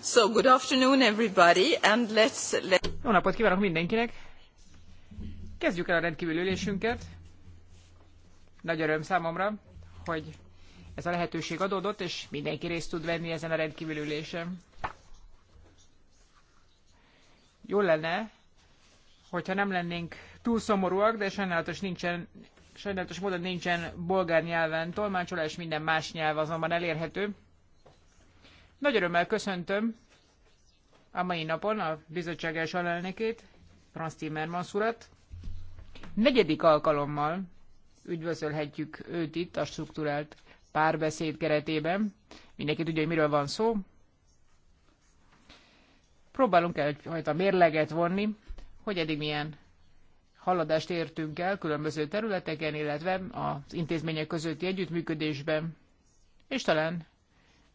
So, good afternoon everybody, and let's... Let... Jó napot kívánok mindenkinek! Kezdjük el a rendkívül ülésünket. Nagy öröm számomra, hogy ez a lehetőség adódott, és mindenki részt tud venni ezen a rendkívül ülésen. Jó lenne, hogyha nem lennénk túl szomorúak, de sajnálatos nincsen sajnálatos módon nincsen bolgár nyelven tolmácsolás, minden más nyelv azonban elérhető. Nagy örömmel köszöntöm a mai napon a bizottság első alelnökét, Franz Timmermans urat. Negyedik alkalommal üdvözölhetjük őt itt a struktúrált párbeszéd keretében. Mindenki tudja, hogy miről van szó. Próbálunk egyfajta mérleget vonni, hogy eddig milyen haladást értünk el különböző területeken, illetve az intézmények közötti együttműködésben, és talán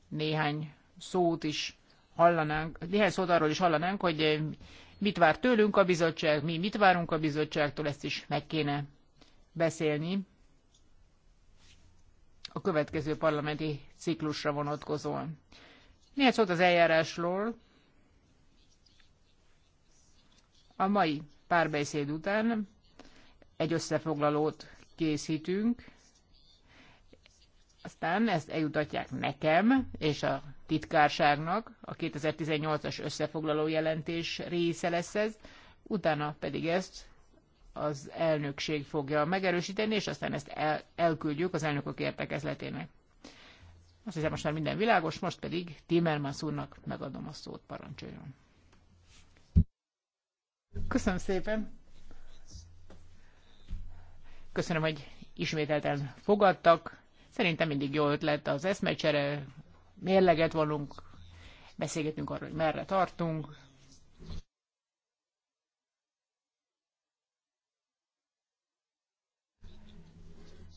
néhány szót is hallanánk, néhány szót arról is hallanánk, hogy eh, mit vár tőlünk a bizottság, mi mit várunk a bizottságtól, ezt is meg kéne beszélni a következő parlamenti ciklusra vonatkozóan. Néhány szót az eljárásról. A mai párbeszéd után egy összefoglalót készítünk, aztán ezt eljutatják nekem és a titkárságnak, a 2018-as összefoglaló jelentés része lesz ez, utána pedig ezt az elnökség fogja megerősíteni, és aztán ezt el, elküldjük az elnökök értekezletének. Azt hiszem, most már minden világos, most pedig Timmermans úrnak megadom a szót, parancsoljon. Köszönöm szépen! Köszönöm, hogy ismételten fogadtak. Szerintem mindig jó ötlet az eszmecsere, mérleget valunk, beszélgetünk arról, hogy merre tartunk.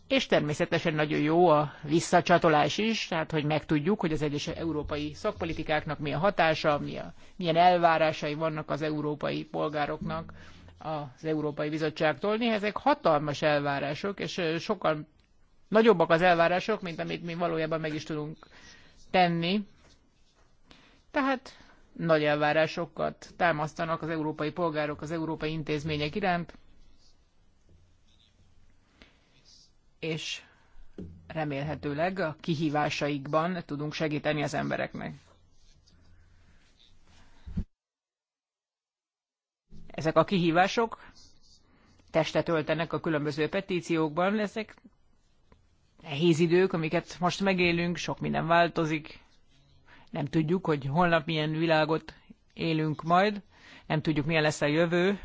És természetesen nagyon jó a visszacsatolás is, tehát hogy megtudjuk, hogy az egyes európai szakpolitikáknak mi a hatása, mi a, milyen elvárásai vannak az európai polgároknak az Európai Bizottságtól. Néha ezek hatalmas elvárások, és sokkal nagyobbak az elvárások, mint amit mi valójában meg is tudunk tenni. Tehát nagy elvárásokat támasztanak az európai polgárok az európai intézmények iránt, és remélhetőleg a kihívásaikban tudunk segíteni az embereknek. Ezek a kihívások testet öltenek a különböző petíciókban, ezek nehéz idők, amiket most megélünk, sok minden változik, nem tudjuk, hogy holnap milyen világot élünk majd, nem tudjuk, milyen lesz a jövő.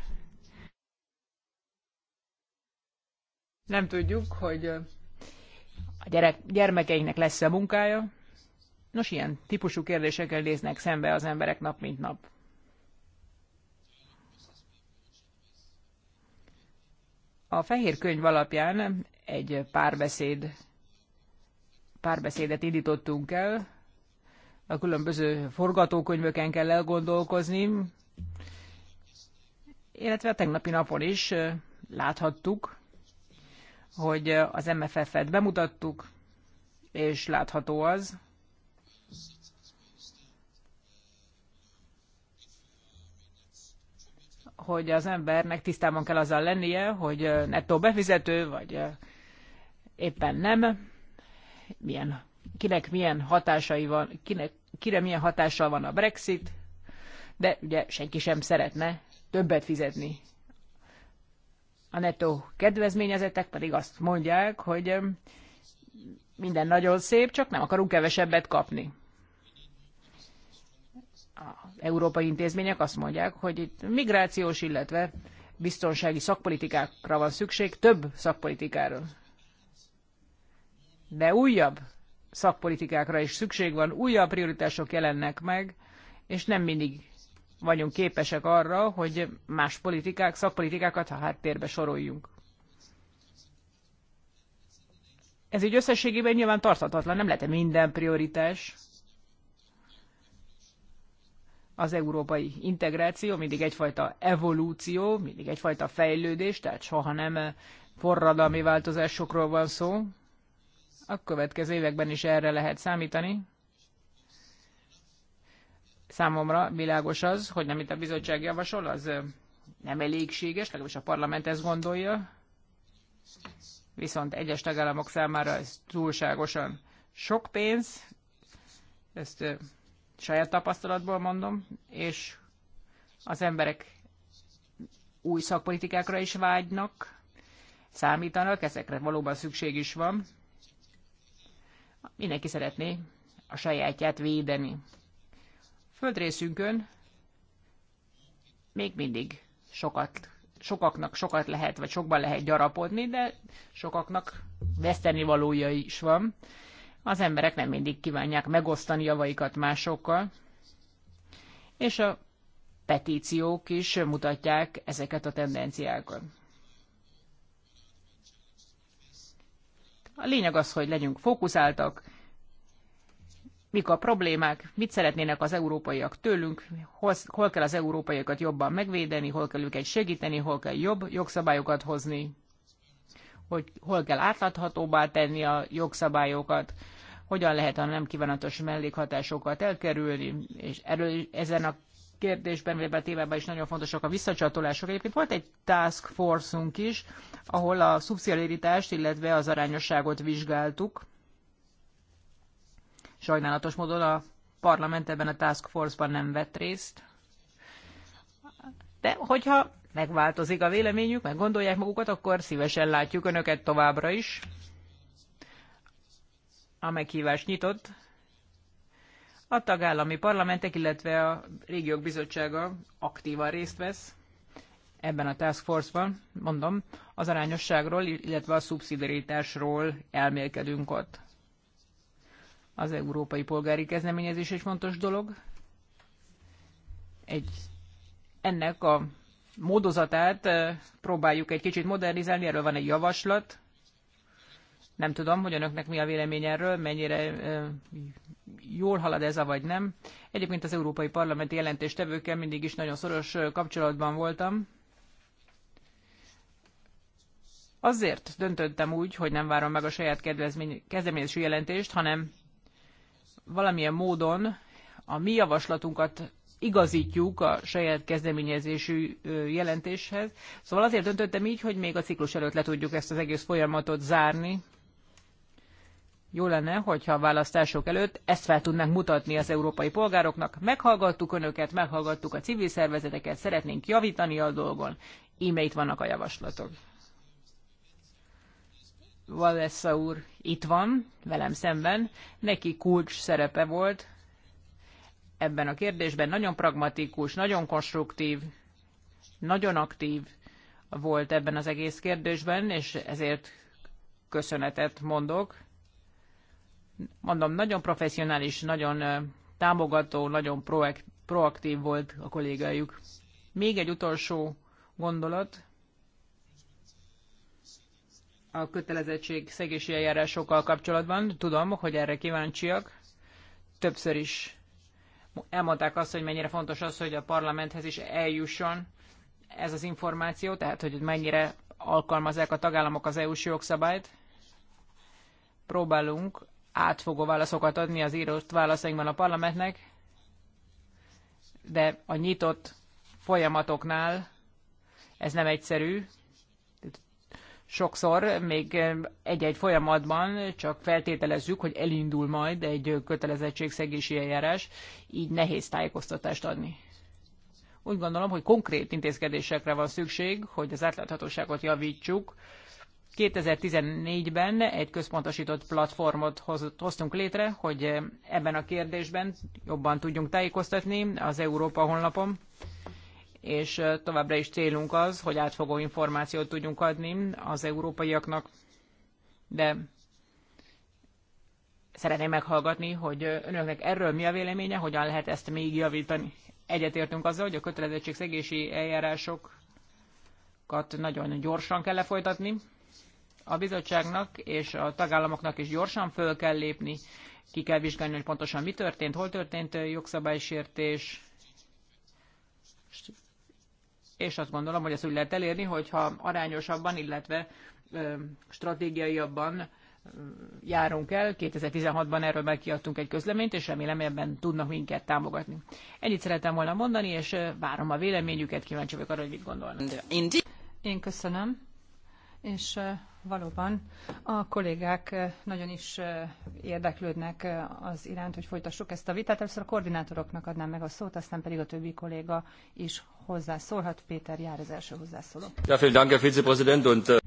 Nem tudjuk, hogy a gyerek, gyermekeinknek lesz-e munkája. Nos, ilyen típusú kérdésekkel néznek szembe az emberek nap mint nap. A fehér könyv alapján egy párbeszéd párbeszédet indítottunk el, a különböző forgatókönyvöken kell elgondolkozni, illetve a tegnapi napon is láthattuk, hogy az MFF-et bemutattuk, és látható az, hogy az embernek tisztában kell azzal lennie, hogy nettó befizető, vagy éppen nem milyen, kinek milyen hatásai van, kinek, kire milyen hatással van a Brexit, de ugye senki sem szeretne többet fizetni. A netto kedvezményezettek pedig azt mondják, hogy minden nagyon szép, csak nem akarunk kevesebbet kapni. Az európai intézmények azt mondják, hogy itt migrációs, illetve biztonsági szakpolitikákra van szükség, több szakpolitikáról de újabb szakpolitikákra is szükség van, újabb prioritások jelennek meg, és nem mindig vagyunk képesek arra, hogy más politikák, szakpolitikákat a háttérbe soroljunk. Ez így összességében nyilván tarthatatlan, nem lehet -e minden prioritás. Az európai integráció mindig egyfajta evolúció, mindig egyfajta fejlődés, tehát soha nem forradalmi változásokról van szó, a következő években is erre lehet számítani. Számomra világos az, hogy amit a bizottság javasol, az nem elégséges, legalábbis a parlament ezt gondolja, viszont egyes tagállamok számára ez túlságosan sok pénz, ezt saját tapasztalatból mondom, és az emberek új szakpolitikákra is vágynak, számítanak, ezekre valóban szükség is van, Mindenki szeretné a sajátját védeni. Földrészünkön még mindig sokat, sokaknak sokat lehet, vagy sokban lehet gyarapodni, de sokaknak veszteni valója is van. Az emberek nem mindig kívánják megosztani javaikat másokkal, és a petíciók is mutatják ezeket a tendenciákat. A lényeg az, hogy legyünk fókuszáltak, mik a problémák, mit szeretnének az európaiak tőlünk, hol, hol kell az európaiakat jobban megvédeni, hol kell őket segíteni, hol kell jobb jogszabályokat hozni, hogy hol kell átláthatóbbá tenni a jogszabályokat, hogyan lehet a nem kívánatos mellékhatásokat elkerülni, és erről, ezen a kérdésben, vagy a témában is nagyon fontosak a visszacsatolások. Egyébként volt egy task force-unk is, ahol a szubszidiaritást, illetve az arányosságot vizsgáltuk. Sajnálatos módon a parlament ebben a task force-ban nem vett részt. De hogyha megváltozik a véleményük, meg gondolják magukat, akkor szívesen látjuk Önöket továbbra is. A meghívás nyitott, a tagállami parlamentek, illetve a régiók bizottsága aktívan részt vesz ebben a task force-ban, mondom, az arányosságról, illetve a szubszidiaritásról elmélkedünk ott. Az európai polgári kezdeményezés egy fontos dolog. Egy, ennek a módozatát próbáljuk egy kicsit modernizálni, erről van egy javaslat, nem tudom, hogy önöknek mi a vélemény erről, mennyire jól halad ez, a vagy nem. Egyébként az Európai Parlamenti jelentéstevőkkel mindig is nagyon szoros kapcsolatban voltam. Azért döntöttem úgy, hogy nem várom meg a saját kezdeményezési jelentést, hanem valamilyen módon a mi javaslatunkat igazítjuk a saját kezdeményezésű jelentéshez. Szóval azért döntöttem így, hogy még a ciklus előtt le tudjuk ezt az egész folyamatot zárni jó lenne, hogyha a választások előtt ezt fel tudnánk mutatni az európai polgároknak. Meghallgattuk önöket, meghallgattuk a civil szervezeteket, szeretnénk javítani a dolgon. Íme itt vannak a javaslatok. Valessa úr itt van, velem szemben. Neki kulcs szerepe volt ebben a kérdésben. Nagyon pragmatikus, nagyon konstruktív, nagyon aktív volt ebben az egész kérdésben, és ezért köszönetet mondok mondom, nagyon professzionális, nagyon támogató, nagyon proaktív volt a kollégájuk. Még egy utolsó gondolat. A kötelezettség szegési eljárásokkal kapcsolatban tudom, hogy erre kíváncsiak. Többször is elmondták azt, hogy mennyire fontos az, hogy a parlamenthez is eljusson ez az információ, tehát hogy mennyire alkalmazzák a tagállamok az EU-s jogszabályt. Próbálunk átfogó válaszokat adni az írott válaszainkban a parlamentnek, de a nyitott folyamatoknál ez nem egyszerű. Sokszor még egy-egy folyamatban csak feltételezzük, hogy elindul majd egy kötelezettségszegési eljárás, így nehéz tájékoztatást adni. Úgy gondolom, hogy konkrét intézkedésekre van szükség, hogy az átláthatóságot javítsuk, 2014-ben egy központosított platformot hoztunk létre, hogy ebben a kérdésben jobban tudjunk tájékoztatni az Európa honlapon, és továbbra is célunk az, hogy átfogó információt tudjunk adni az európaiaknak, de szeretném meghallgatni, hogy önöknek erről mi a véleménye, hogyan lehet ezt még javítani. Egyetértünk azzal, hogy a kötelezettségszegési eljárásokat nagyon gyorsan kell lefolytatni, a bizottságnak és a tagállamoknak is gyorsan föl kell lépni, ki kell vizsgálni, hogy pontosan mi történt, hol történt jogszabálysértés, és azt gondolom, hogy ezt úgy lehet elérni, hogyha arányosabban, illetve stratégiaiabban járunk el. 2016-ban erről megkiadtunk egy közleményt, és remélem ebben tudnak minket támogatni. Ennyit szeretem volna mondani, és várom a véleményüket, kíváncsi vagyok arra, hogy mit gondolnak. Én köszönöm és valóban a kollégák nagyon is érdeklődnek az iránt, hogy folytassuk ezt a vitát. Először a koordinátoroknak adnám meg a szót, aztán pedig a többi kolléga is hozzászólhat. Péter Jár az első hozzászóló.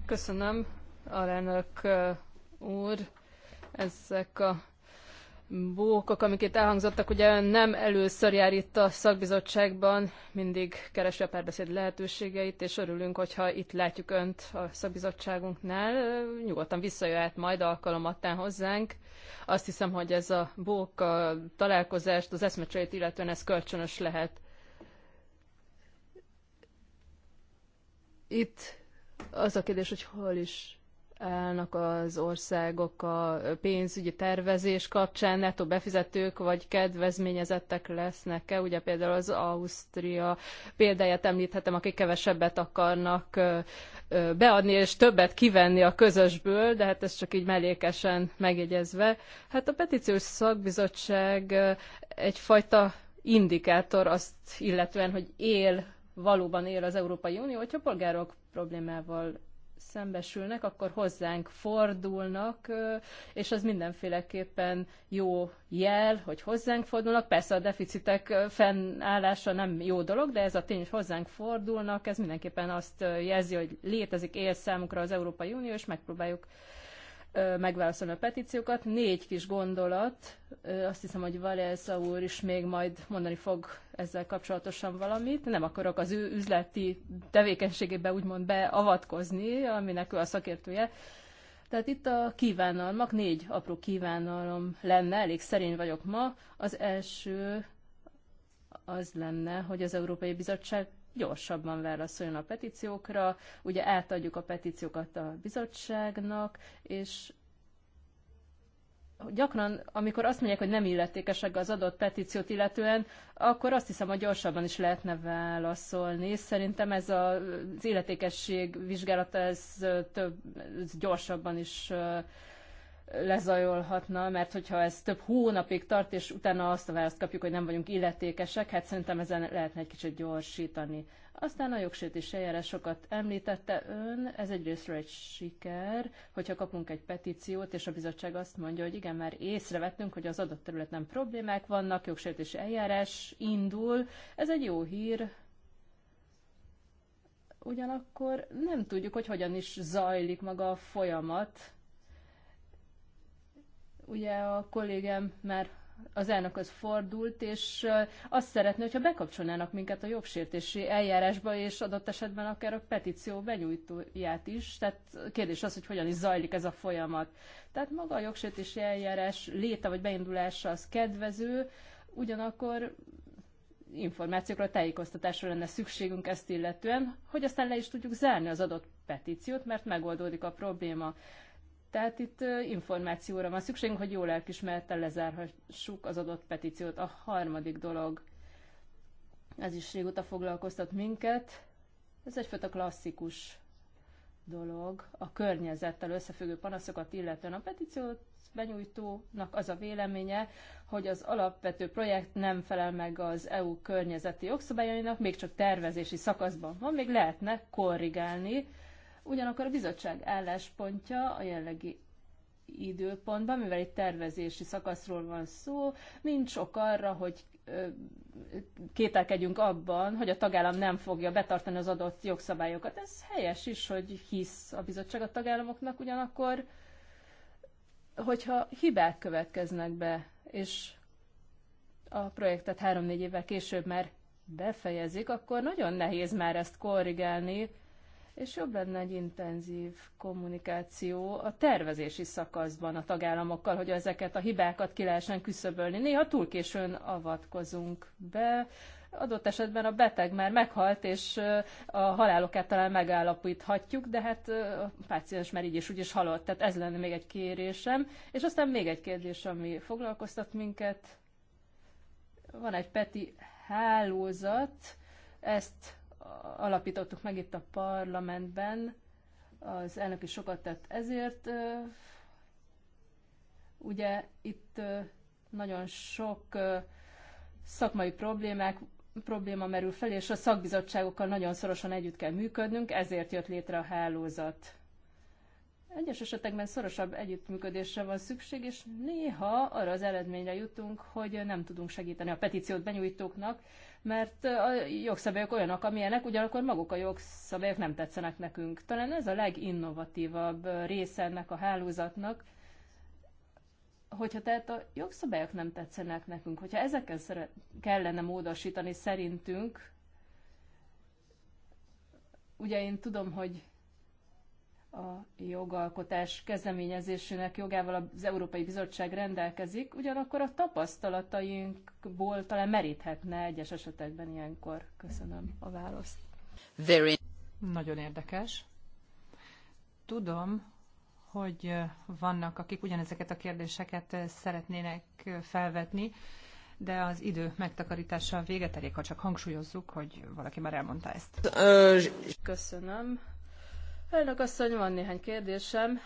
Köszönöm, alelnök úr, ezek a bókok, amik itt elhangzottak, ugye nem először jár itt a szakbizottságban, mindig keresi a párbeszéd lehetőségeit, és örülünk, hogyha itt látjuk Önt a szakbizottságunknál. Nyugodtan visszajöhet majd alkalomattán hozzánk. Azt hiszem, hogy ez a bók a találkozást, az eszmecserét illetően ez kölcsönös lehet. Itt az a kérdés, hogy hol is állnak az országok a pénzügyi tervezés kapcsán, netto befizetők vagy kedvezményezettek lesznek-e? Ugye például az Ausztria példáját említhetem, akik kevesebbet akarnak beadni és többet kivenni a közösből, de hát ez csak így mellékesen megjegyezve. Hát a petíciós szakbizottság egyfajta indikátor azt illetően, hogy él, valóban él az Európai Unió, hogyha a polgárok problémával szembesülnek, akkor hozzánk fordulnak, és az mindenféleképpen jó jel, hogy hozzánk fordulnak. Persze a deficitek fennállása nem jó dolog, de ez a tény, hogy hozzánk fordulnak, ez mindenképpen azt jelzi, hogy létezik él számukra az Európai Unió, és megpróbáljuk megválaszolni a petíciókat. Négy kis gondolat, azt hiszem, hogy Valesza úr is még majd mondani fog ezzel kapcsolatosan valamit. Nem akarok az ő üzleti tevékenységébe úgymond beavatkozni, aminek ő a szakértője. Tehát itt a kívánalmak, négy apró kívánalom lenne, elég szerény vagyok ma. Az első az lenne, hogy az Európai Bizottság gyorsabban válaszoljon a petíciókra. Ugye átadjuk a petíciókat a bizottságnak, és gyakran, amikor azt mondják, hogy nem illetékesek az adott petíciót illetően, akkor azt hiszem, hogy gyorsabban is lehetne válaszolni. Szerintem ez az illetékesség vizsgálata, ez, több, ez gyorsabban is lezajolhatna, mert hogyha ez több hónapig tart, és utána azt a választ kapjuk, hogy nem vagyunk illetékesek, hát szerintem ezen lehetne egy kicsit gyorsítani. Aztán a jogsértés sokat említette ön, ez egyrésztről egy siker, hogyha kapunk egy petíciót, és a bizottság azt mondja, hogy igen, már észrevettünk, hogy az adott területen problémák vannak, jogsértési eljárás indul, ez egy jó hír, ugyanakkor nem tudjuk, hogy hogyan is zajlik maga a folyamat, Ugye a kollégám már az elnökhöz fordult, és azt szeretné, hogyha bekapcsolnának minket a jogsértési eljárásba, és adott esetben akár a petíció benyújtóját is. Tehát kérdés az, hogy hogyan is zajlik ez a folyamat. Tehát maga a jogsértési eljárás léte vagy beindulása az kedvező, ugyanakkor információkra, tájékoztatásra lenne szükségünk ezt illetően, hogy aztán le is tudjuk zárni az adott petíciót, mert megoldódik a probléma. Tehát itt információra van szükségünk, hogy jól elkismerettel lezárhassuk az adott petíciót. A harmadik dolog, ez is régóta foglalkoztat minket, ez egyfajta klasszikus dolog, a környezettel összefüggő panaszokat illetően a petíciót benyújtónak az a véleménye, hogy az alapvető projekt nem felel meg az EU környezeti jogszabályainak, még csak tervezési szakaszban van, még lehetne korrigálni, Ugyanakkor a bizottság álláspontja a jellegi időpontban, mivel itt tervezési szakaszról van szó, nincs ok arra, hogy kételkedjünk abban, hogy a tagállam nem fogja betartani az adott jogszabályokat. Ez helyes is, hogy hisz a bizottság a tagállamoknak, ugyanakkor, hogyha hibák következnek be, és a projektet három-négy évvel később már befejezik, akkor nagyon nehéz már ezt korrigálni, és jobb lenne egy intenzív kommunikáció a tervezési szakaszban a tagállamokkal, hogy ezeket a hibákat ki lehessen küszöbölni. Néha túl későn avatkozunk be, adott esetben a beteg már meghalt, és a halálokát talán megállapíthatjuk, de hát a páciens már így is úgy is halott, tehát ez lenne még egy kérésem. És aztán még egy kérdés, ami foglalkoztat minket. Van egy Peti hálózat, ezt alapítottuk meg itt a parlamentben, az elnök is sokat tett ezért. Ugye itt nagyon sok szakmai problémák, probléma merül fel, és a szakbizottságokkal nagyon szorosan együtt kell működnünk, ezért jött létre a hálózat. Egyes esetekben szorosabb együttműködésre van szükség, és néha arra az eredményre jutunk, hogy nem tudunk segíteni a petíciót benyújtóknak, mert a jogszabályok olyanok, amilyenek, ugyanakkor maguk a jogszabályok nem tetszenek nekünk. Talán ez a leginnovatívabb része ennek a hálózatnak, hogyha tehát a jogszabályok nem tetszenek nekünk, hogyha ezeken kellene módosítani szerintünk, ugye én tudom, hogy a jogalkotás kezdeményezésének jogával az Európai Bizottság rendelkezik, ugyanakkor a tapasztalatainkból talán meríthetne egyes esetekben ilyenkor. Köszönöm a választ. Very. Nagyon érdekes. Tudom, hogy vannak, akik ugyanezeket a kérdéseket szeretnének felvetni, de az idő megtakarítása véget elég, ha csak hangsúlyozzuk, hogy valaki már elmondta ezt. Köszönöm. Elnök asszony, van néhány kérdésem.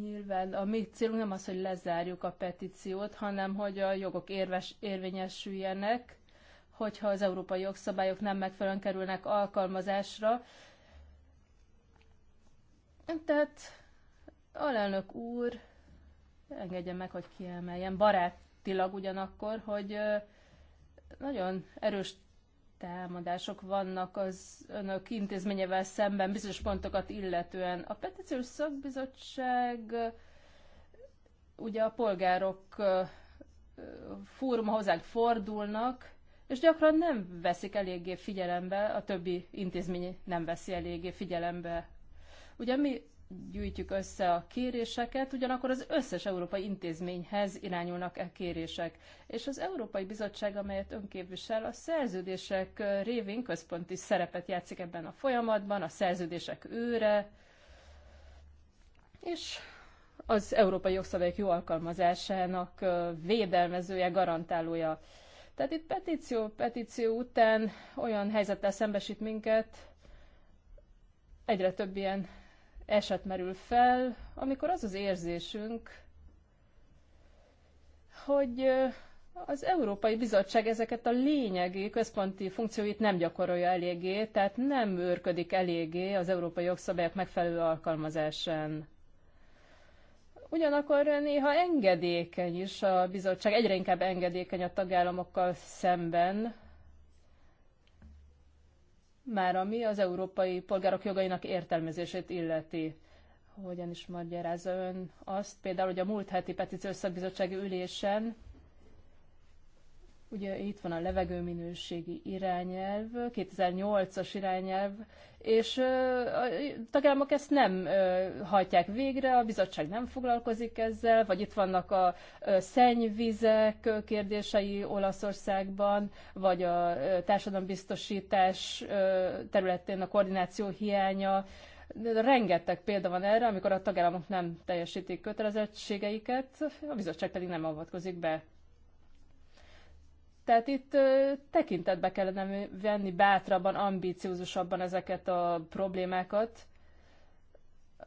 Nyilván a mi célunk nem az, hogy lezárjuk a petíciót, hanem hogy a jogok érves, érvényesüljenek, hogyha az európai jogszabályok nem megfelelően kerülnek alkalmazásra. Tehát, alelnök úr, engedje meg, hogy kiemeljem, barátilag ugyanakkor, hogy nagyon erős támadások vannak az önök intézményevel szemben bizonyos pontokat illetően. A petíciós szakbizottság ugye a polgárok fórum hozzánk fordulnak, és gyakran nem veszik eléggé figyelembe, a többi intézmény nem veszi eléggé figyelembe. Ugye mi gyűjtjük össze a kéréseket, ugyanakkor az összes európai intézményhez irányulnak e kérések. És az Európai Bizottság, amelyet önképvisel, a szerződések révén központi szerepet játszik ebben a folyamatban, a szerződések őre, és az európai jogszabályok jó alkalmazásának védelmezője, garantálója. Tehát itt petíció, petíció után olyan helyzettel szembesít minket, egyre több ilyen eset merül fel, amikor az az érzésünk, hogy az Európai Bizottság ezeket a lényegi központi funkcióit nem gyakorolja eléggé, tehát nem őrködik eléggé az európai jogszabályok megfelelő alkalmazásán. Ugyanakkor néha engedékeny is a bizottság, egyre inkább engedékeny a tagállamokkal szemben, már ami az európai polgárok jogainak értelmezését illeti. Hogyan is magyarázza ön azt, például, hogy a múlt heti petíciós szakbizottsági ülésen Ugye itt van a levegőminőségi irányelv, 2008-as irányelv, és a tagállamok ezt nem hajtják végre, a bizottság nem foglalkozik ezzel, vagy itt vannak a szennyvizek kérdései Olaszországban, vagy a társadalombiztosítás területén a koordináció hiánya. Rengeteg példa van erre, amikor a tagállamok nem teljesítik kötelezettségeiket, a bizottság pedig nem avatkozik be. Tehát itt tekintetbe kellene venni bátrabban, ambíciózusabban ezeket a problémákat,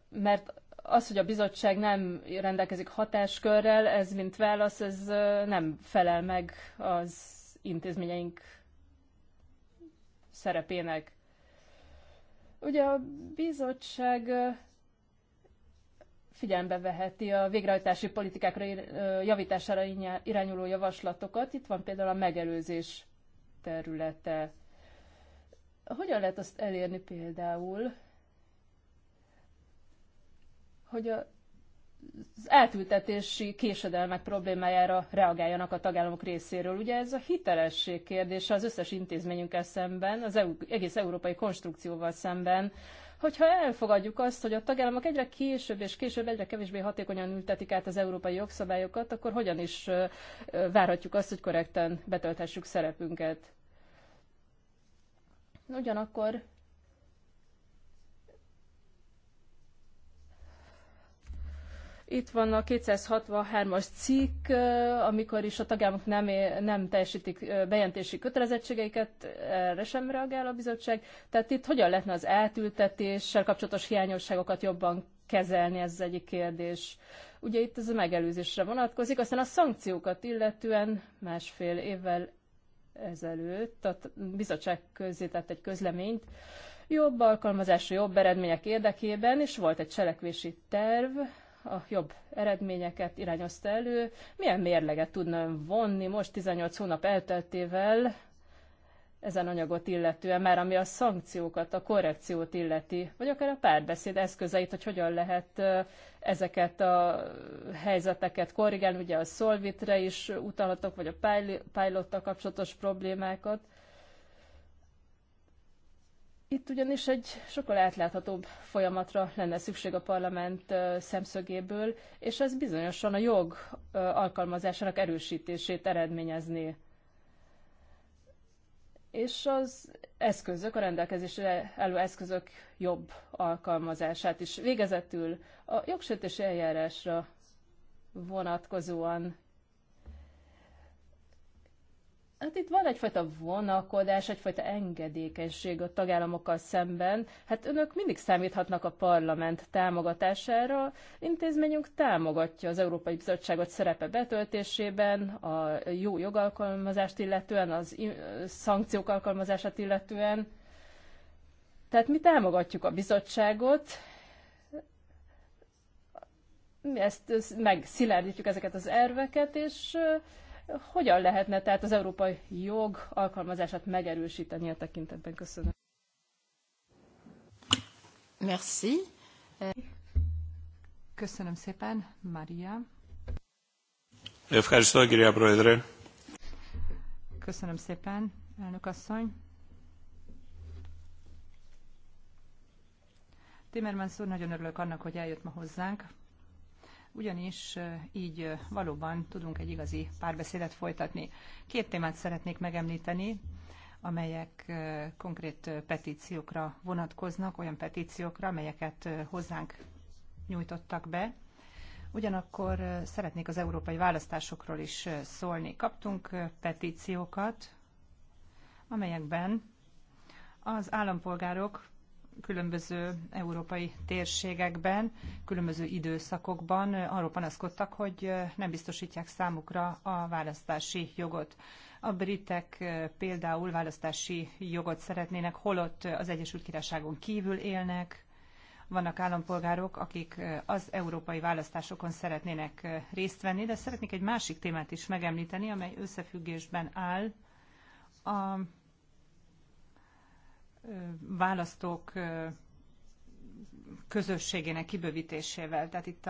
mert az, hogy a bizottság nem rendelkezik hatáskörrel, ez mint válasz, ez nem felel meg az intézményeink szerepének. Ugye a bizottság figyelembe veheti a végrehajtási politikákra javítására irányuló javaslatokat. Itt van például a megelőzés területe. Hogyan lehet azt elérni például, hogy a az eltültetési késedelmek problémájára reagáljanak a tagállamok részéről. Ugye ez a hitelesség kérdése az összes intézményünkkel szemben, az EU, egész európai konstrukcióval szemben, hogyha elfogadjuk azt, hogy a tagállamok egyre később és később egyre kevésbé hatékonyan ültetik át az európai jogszabályokat, akkor hogyan is várhatjuk azt, hogy korrekten betölthessük szerepünket? Ugyanakkor Itt van a 263-as cikk, amikor is a tagállamok nem, nem teljesítik bejelentési kötelezettségeiket, erre sem reagál a bizottság. Tehát itt hogyan lehetne az eltültetéssel kapcsolatos hiányosságokat jobban kezelni, ez az egyik kérdés. Ugye itt ez a megelőzésre vonatkozik, aztán a szankciókat illetően másfél évvel ezelőtt a bizottság tett egy közleményt, jobb alkalmazásra, jobb eredmények érdekében, és volt egy cselekvési terv, a jobb eredményeket irányozta elő. Milyen mérleget tudna vonni most 18 hónap elteltével ezen anyagot illetően, már ami a szankciókat, a korrekciót illeti, vagy akár a párbeszéd eszközeit, hogy hogyan lehet ezeket a helyzeteket korrigálni, ugye a szolvitre is utalhatok, vagy a pilottal kapcsolatos problémákat. Itt ugyanis egy sokkal átláthatóbb folyamatra lenne szükség a parlament szemszögéből, és ez bizonyosan a jog alkalmazásának erősítését eredményezné. És az eszközök, a rendelkezésre álló eszközök jobb alkalmazását is. Végezetül a jogsértési eljárásra vonatkozóan Hát itt van egyfajta vonakodás, egyfajta engedékenység a tagállamokkal szemben. Hát önök mindig számíthatnak a parlament támogatására. Intézményünk támogatja az Európai Bizottságot szerepe betöltésében, a jó jogalkalmazást illetően, az szankciók alkalmazását illetően. Tehát mi támogatjuk a bizottságot, ezt, ezt megszilárdítjuk ezeket az erveket, és hogyan lehetne tehát az európai jog alkalmazását megerősíteni a tekintetben? Köszönöm. Merci. Köszönöm szépen, Maria. Köszönöm szépen, elnök asszony. Timmermans úr, nagyon örülök annak, hogy eljött ma hozzánk ugyanis így valóban tudunk egy igazi párbeszédet folytatni. Két témát szeretnék megemlíteni, amelyek konkrét petíciókra vonatkoznak, olyan petíciókra, amelyeket hozzánk nyújtottak be. Ugyanakkor szeretnék az európai választásokról is szólni. Kaptunk petíciókat, amelyekben az állampolgárok különböző európai térségekben, különböző időszakokban arról panaszkodtak, hogy nem biztosítják számukra a választási jogot. A britek például választási jogot szeretnének, holott az Egyesült Királyságon kívül élnek, vannak állampolgárok, akik az európai választásokon szeretnének részt venni, de szeretnék egy másik témát is megemlíteni, amely összefüggésben áll a választók közösségének kibővítésével. Tehát itt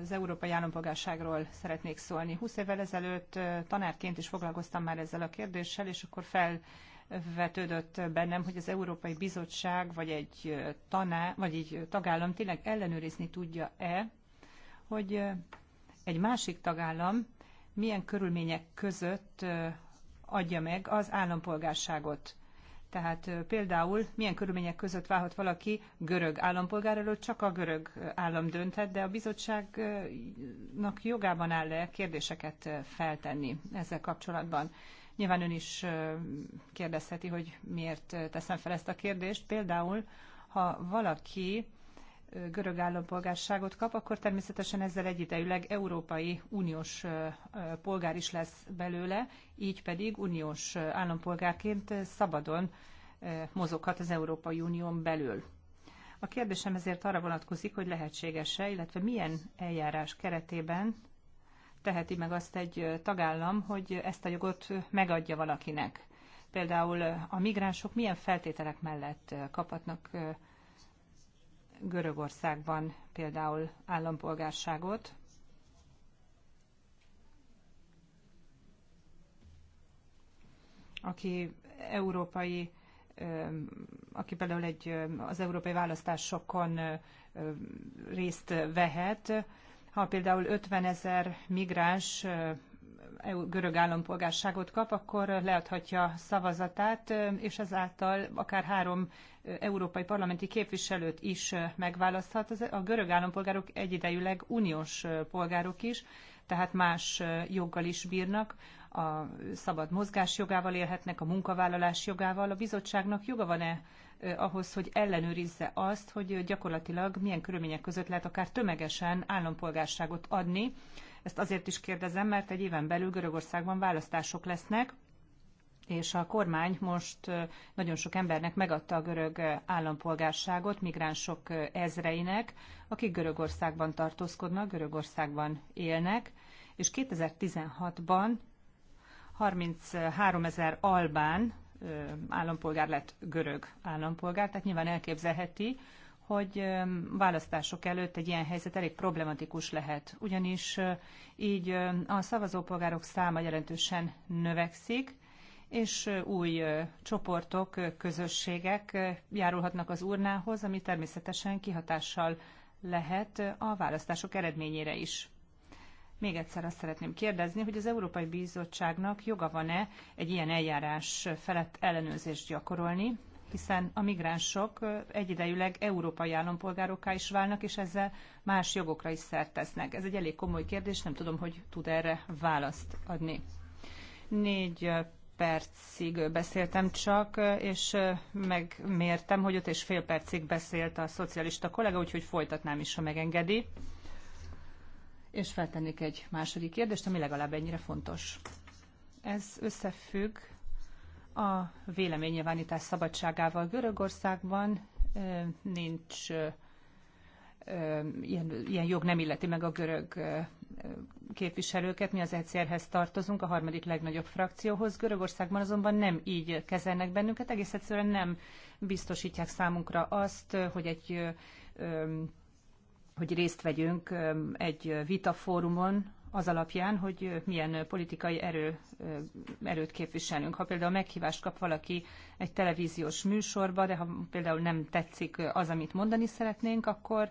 az európai állampolgárságról szeretnék szólni. 20 évvel ezelőtt tanárként is foglalkoztam már ezzel a kérdéssel, és akkor felvetődött bennem, hogy az Európai Bizottság vagy egy, taná, vagy egy tagállam tényleg ellenőrizni tudja-e, hogy egy másik tagállam milyen körülmények között adja meg az állampolgárságot tehát például milyen körülmények között válhat valaki görög állampolgár előtt, csak a görög állam dönthet, de a bizottságnak jogában áll le kérdéseket feltenni ezzel kapcsolatban. Nyilván ön is kérdezheti, hogy miért teszem fel ezt a kérdést. Például, ha valaki görög állampolgárságot kap, akkor természetesen ezzel egyidejűleg Európai Uniós polgár is lesz belőle, így pedig uniós állampolgárként szabadon mozoghat az Európai Unión belül. A kérdésem ezért arra vonatkozik, hogy lehetséges-e, illetve milyen eljárás keretében teheti meg azt egy tagállam, hogy ezt a jogot megadja valakinek. Például a migránsok milyen feltételek mellett kaphatnak Görögországban például állampolgárságot. Aki európai, aki például egy, az európai választásokon részt vehet, ha például 50 ezer migráns görög állampolgárságot kap, akkor leadhatja szavazatát, és ezáltal akár három európai parlamenti képviselőt is megválaszthat. A görög állampolgárok egyidejűleg uniós polgárok is, tehát más joggal is bírnak, a szabad mozgás jogával élhetnek, a munkavállalás jogával. A bizottságnak joga van-e ahhoz, hogy ellenőrizze azt, hogy gyakorlatilag milyen körülmények között lehet akár tömegesen állampolgárságot adni ezt azért is kérdezem, mert egy éven belül Görögországban választások lesznek, és a kormány most nagyon sok embernek megadta a görög állampolgárságot, migránsok ezreinek, akik Görögországban tartózkodnak, Görögországban élnek, és 2016-ban 33 ezer albán állampolgár lett görög állampolgár, tehát nyilván elképzelheti, hogy választások előtt egy ilyen helyzet elég problematikus lehet, ugyanis így a szavazópolgárok száma jelentősen növekszik, és új csoportok, közösségek járulhatnak az urnához, ami természetesen kihatással lehet a választások eredményére is. Még egyszer azt szeretném kérdezni, hogy az Európai Bizottságnak joga van-e egy ilyen eljárás felett ellenőrzést gyakorolni, hiszen a migránsok egyidejűleg európai állampolgárokká is válnak, és ezzel más jogokra is szert tesznek. Ez egy elég komoly kérdés, nem tudom, hogy tud erre választ adni. Négy percig beszéltem csak, és megmértem, hogy ott és fél percig beszélt a szocialista kollega, úgyhogy folytatnám is, ha megengedi. És feltennék egy második kérdést, ami legalább ennyire fontos. Ez összefügg a véleménynyilvánítás szabadságával Görögországban nincs ilyen, ilyen jog nem illeti meg a görög képviselőket. Mi az ECR-hez tartozunk, a harmadik legnagyobb frakcióhoz. Görögországban azonban nem így kezelnek bennünket, egész egyszerűen nem biztosítják számunkra azt, hogy egy hogy részt vegyünk egy vitafórumon, az alapján, hogy milyen politikai erő, erőt képviselünk. Ha például meghívást kap valaki egy televíziós műsorba, de ha például nem tetszik az, amit mondani szeretnénk, akkor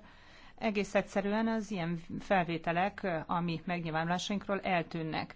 egész egyszerűen az ilyen felvételek, ami megnyilvánulásainkról eltűnnek.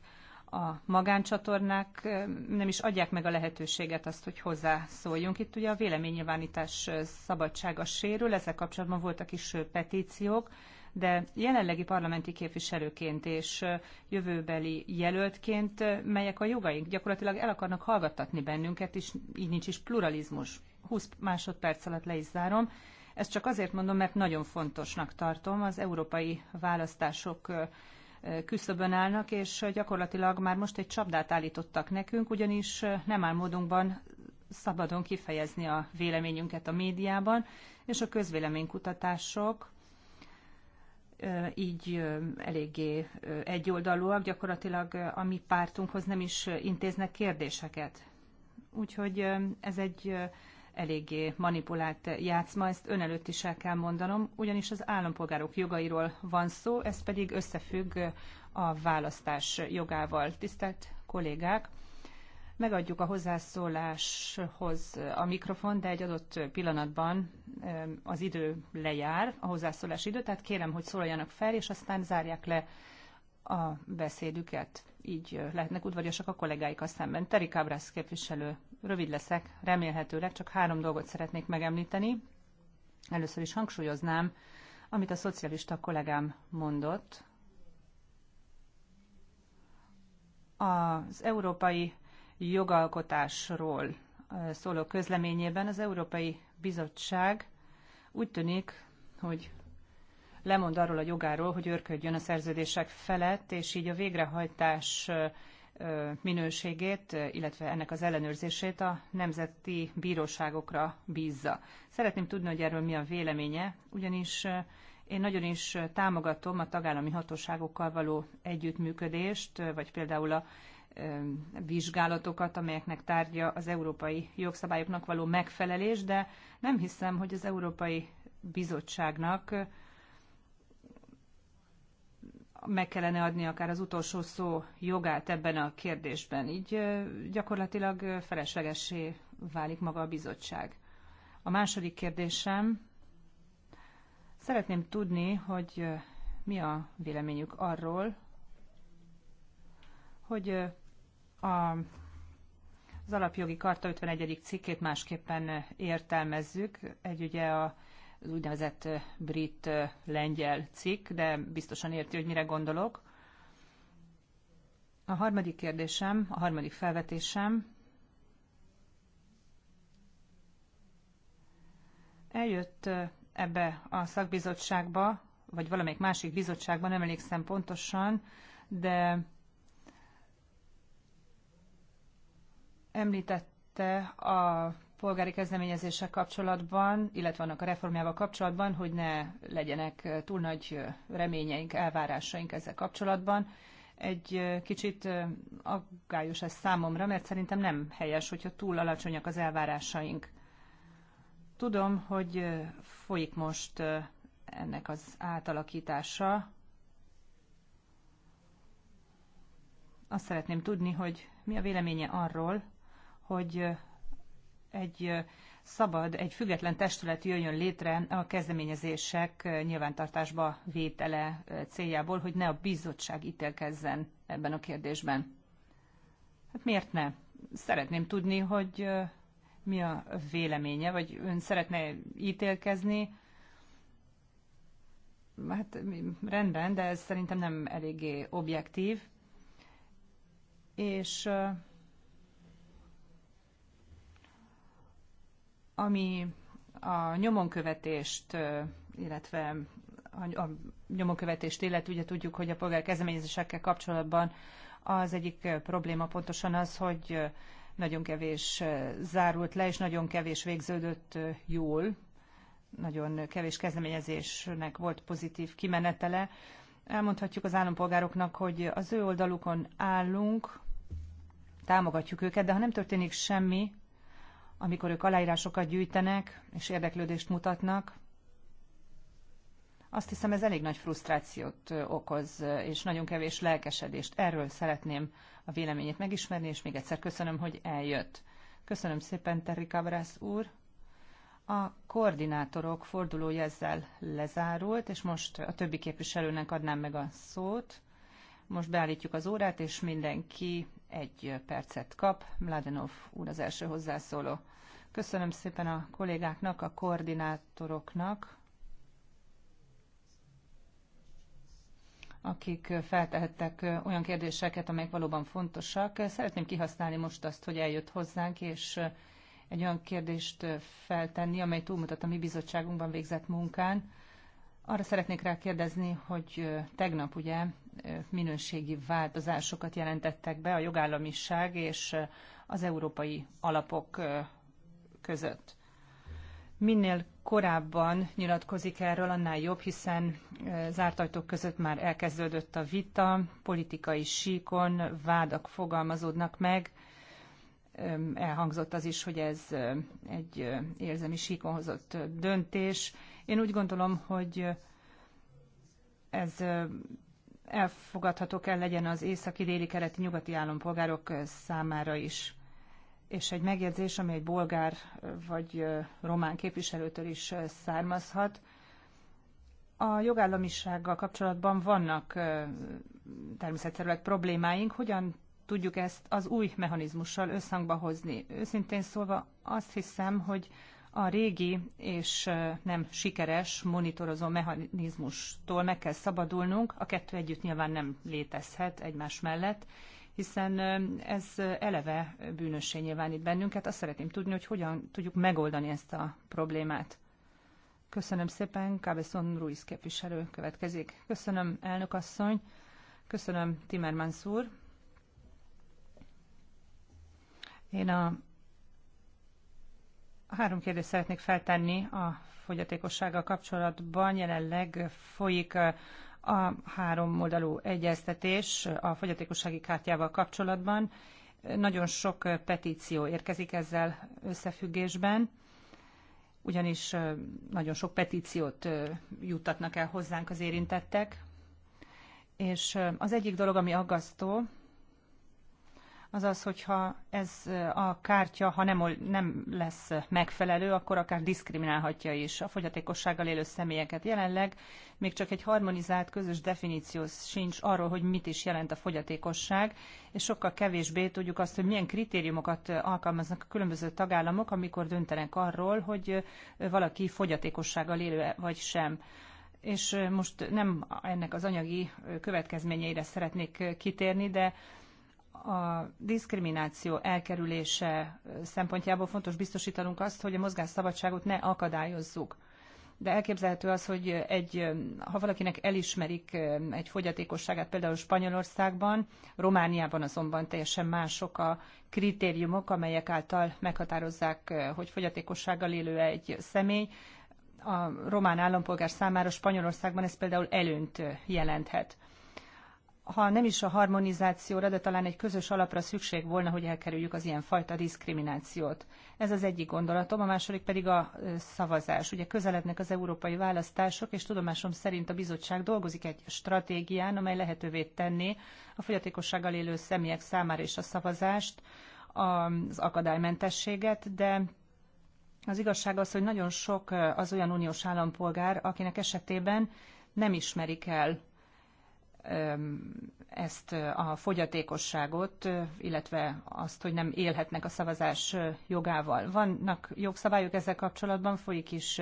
A magáncsatornák nem is adják meg a lehetőséget azt, hogy hozzászóljunk. Itt ugye a véleménynyilvánítás szabadsága sérül, ezzel kapcsolatban voltak is petíciók, de jelenlegi parlamenti képviselőként és jövőbeli jelöltként melyek a jogaink? Gyakorlatilag el akarnak hallgattatni bennünket, és így nincs is pluralizmus. 20 másodperc alatt le is zárom. Ezt csak azért mondom, mert nagyon fontosnak tartom. Az európai választások küszöbön állnak, és gyakorlatilag már most egy csapdát állítottak nekünk, ugyanis nem áll módunkban szabadon kifejezni a véleményünket a médiában, és a közvéleménykutatások így eléggé egyoldalúak, gyakorlatilag a mi pártunkhoz nem is intéznek kérdéseket. Úgyhogy ez egy eléggé manipulált játszma, ezt ön előtt is el kell mondanom, ugyanis az állampolgárok jogairól van szó, ez pedig összefügg a választás jogával. Tisztelt kollégák, megadjuk a hozzászóláshoz a mikrofon, de egy adott pillanatban az idő lejár, a hozzászólás idő, tehát kérem, hogy szóljanak fel, és aztán zárják le a beszédüket. Így lehetnek udvariasak a a szemben. Teri Cabrász képviselő, rövid leszek, remélhetőleg csak három dolgot szeretnék megemlíteni. Először is hangsúlyoznám, amit a szocialista kollégám mondott, az európai jogalkotásról eh, szóló közleményében az Európai Bizottság úgy tűnik, hogy lemond arról a jogáról, hogy őrködjön a szerződések felett, és így a végrehajtás eh, eh, minőségét, illetve ennek az ellenőrzését a nemzeti bíróságokra bízza. Szeretném tudni, hogy erről mi a véleménye, ugyanis én nagyon is támogatom a tagállami hatóságokkal való együttműködést, vagy például a vizsgálatokat, amelyeknek tárgya az európai jogszabályoknak való megfelelés, de nem hiszem, hogy az Európai Bizottságnak meg kellene adni akár az utolsó szó jogát ebben a kérdésben. Így gyakorlatilag feleslegessé válik maga a bizottság. A második kérdésem, szeretném tudni, hogy mi a véleményük arról, hogy a az alapjogi karta 51. cikkét másképpen értelmezzük. Egy ugye a, az úgynevezett brit-lengyel cikk, de biztosan érti, hogy mire gondolok. A harmadik kérdésem, a harmadik felvetésem. Eljött ebbe a szakbizottságba, vagy valamelyik másik bizottságban, nem emlékszem pontosan, de említette a polgári kezdeményezések kapcsolatban, illetve annak a reformjával kapcsolatban, hogy ne legyenek túl nagy reményeink, elvárásaink ezzel kapcsolatban. Egy kicsit aggályos ez számomra, mert szerintem nem helyes, hogyha túl alacsonyak az elvárásaink. Tudom, hogy folyik most ennek az átalakítása. Azt szeretném tudni, hogy mi a véleménye arról, hogy egy szabad, egy független testület jöjjön létre a kezdeményezések nyilvántartásba vétele céljából, hogy ne a bizottság ítélkezzen ebben a kérdésben. Hát miért ne? Szeretném tudni, hogy mi a véleménye, vagy ön szeretne ítélkezni. Hát rendben, de ez szerintem nem eléggé objektív. És Ami a nyomonkövetést, illetve a nyomonkövetést illet, ugye tudjuk, hogy a polgári kezdeményezésekkel kapcsolatban az egyik probléma pontosan az, hogy nagyon kevés zárult le, és nagyon kevés végződött jól, nagyon kevés kezdeményezésnek volt pozitív kimenetele. Elmondhatjuk az állampolgároknak, hogy az ő oldalukon állunk, támogatjuk őket, de ha nem történik semmi, amikor ők aláírásokat gyűjtenek és érdeklődést mutatnak, azt hiszem ez elég nagy frusztrációt okoz, és nagyon kevés lelkesedést. Erről szeretném a véleményét megismerni, és még egyszer köszönöm, hogy eljött. Köszönöm szépen, Terry Cabrász úr. A koordinátorok fordulója ezzel lezárult, és most a többi képviselőnek adnám meg a szót. Most beállítjuk az órát, és mindenki egy percet kap. Mladenov úr az első hozzászóló. Köszönöm szépen a kollégáknak, a koordinátoroknak, akik feltehettek olyan kérdéseket, amelyek valóban fontosak. Szeretném kihasználni most azt, hogy eljött hozzánk, és egy olyan kérdést feltenni, amely túlmutat a mi bizottságunkban végzett munkán. Arra szeretnék rá kérdezni, hogy tegnap ugye minőségi változásokat jelentettek be a jogállamiság és az európai alapok között. Minél korábban nyilatkozik erről, annál jobb, hiszen zárt ajtók között már elkezdődött a vita, politikai síkon vádak fogalmazódnak meg, elhangzott az is, hogy ez egy érzelmi síkon hozott döntés. Én úgy gondolom, hogy ez elfogadható kell legyen az északi, déli, keleti, nyugati állampolgárok számára is. És egy megjegyzés, ami egy bolgár vagy román képviselőtől is származhat. A jogállamisággal kapcsolatban vannak természetszerűleg problémáink. Hogyan tudjuk ezt az új mechanizmussal összhangba hozni? Őszintén szólva azt hiszem, hogy a régi és nem sikeres monitorozó mechanizmustól meg kell szabadulnunk, a kettő együtt nyilván nem létezhet egymás mellett, hiszen ez eleve bűnössé nyilvánít bennünket. Azt szeretném tudni, hogy hogyan tudjuk megoldani ezt a problémát. Köszönöm szépen, Cabezon Ruiz képviselő következik. Köszönöm, elnök asszony. Köszönöm, Timmermans úr. Én a Három kérdést szeretnék feltenni a fogyatékossággal kapcsolatban. Jelenleg folyik a három oldalú egyeztetés a fogyatékossági kártyával kapcsolatban. Nagyon sok petíció érkezik ezzel összefüggésben, ugyanis nagyon sok petíciót juttatnak el hozzánk az érintettek. És az egyik dolog, ami aggasztó, az az, hogyha ez a kártya, ha nem, nem lesz megfelelő, akkor akár diszkriminálhatja is a fogyatékossággal élő személyeket. Jelenleg még csak egy harmonizált közös definíció sincs arról, hogy mit is jelent a fogyatékosság, és sokkal kevésbé tudjuk azt, hogy milyen kritériumokat alkalmaznak a különböző tagállamok, amikor döntenek arról, hogy valaki fogyatékossággal élő vagy sem és most nem ennek az anyagi következményeire szeretnék kitérni, de a diszkrimináció elkerülése szempontjából fontos biztosítanunk azt, hogy a mozgásszabadságot ne akadályozzuk. De elképzelhető az, hogy egy, ha valakinek elismerik egy fogyatékosságát például Spanyolországban, Romániában azonban teljesen mások a kritériumok, amelyek által meghatározzák, hogy fogyatékossággal élő egy személy. A román állampolgár számára Spanyolországban ez például előnyt jelenthet ha nem is a harmonizációra, de talán egy közös alapra szükség volna, hogy elkerüljük az ilyen fajta diszkriminációt. Ez az egyik gondolatom, a második pedig a szavazás. Ugye közelednek az európai választások, és tudomásom szerint a bizottság dolgozik egy stratégián, amely lehetővé tenni a fogyatékossággal élő személyek számára is a szavazást, az akadálymentességet, de az igazság az, hogy nagyon sok az olyan uniós állampolgár, akinek esetében nem ismerik el ezt a fogyatékosságot, illetve azt, hogy nem élhetnek a szavazás jogával. Vannak jogszabályok ezzel kapcsolatban, folyik is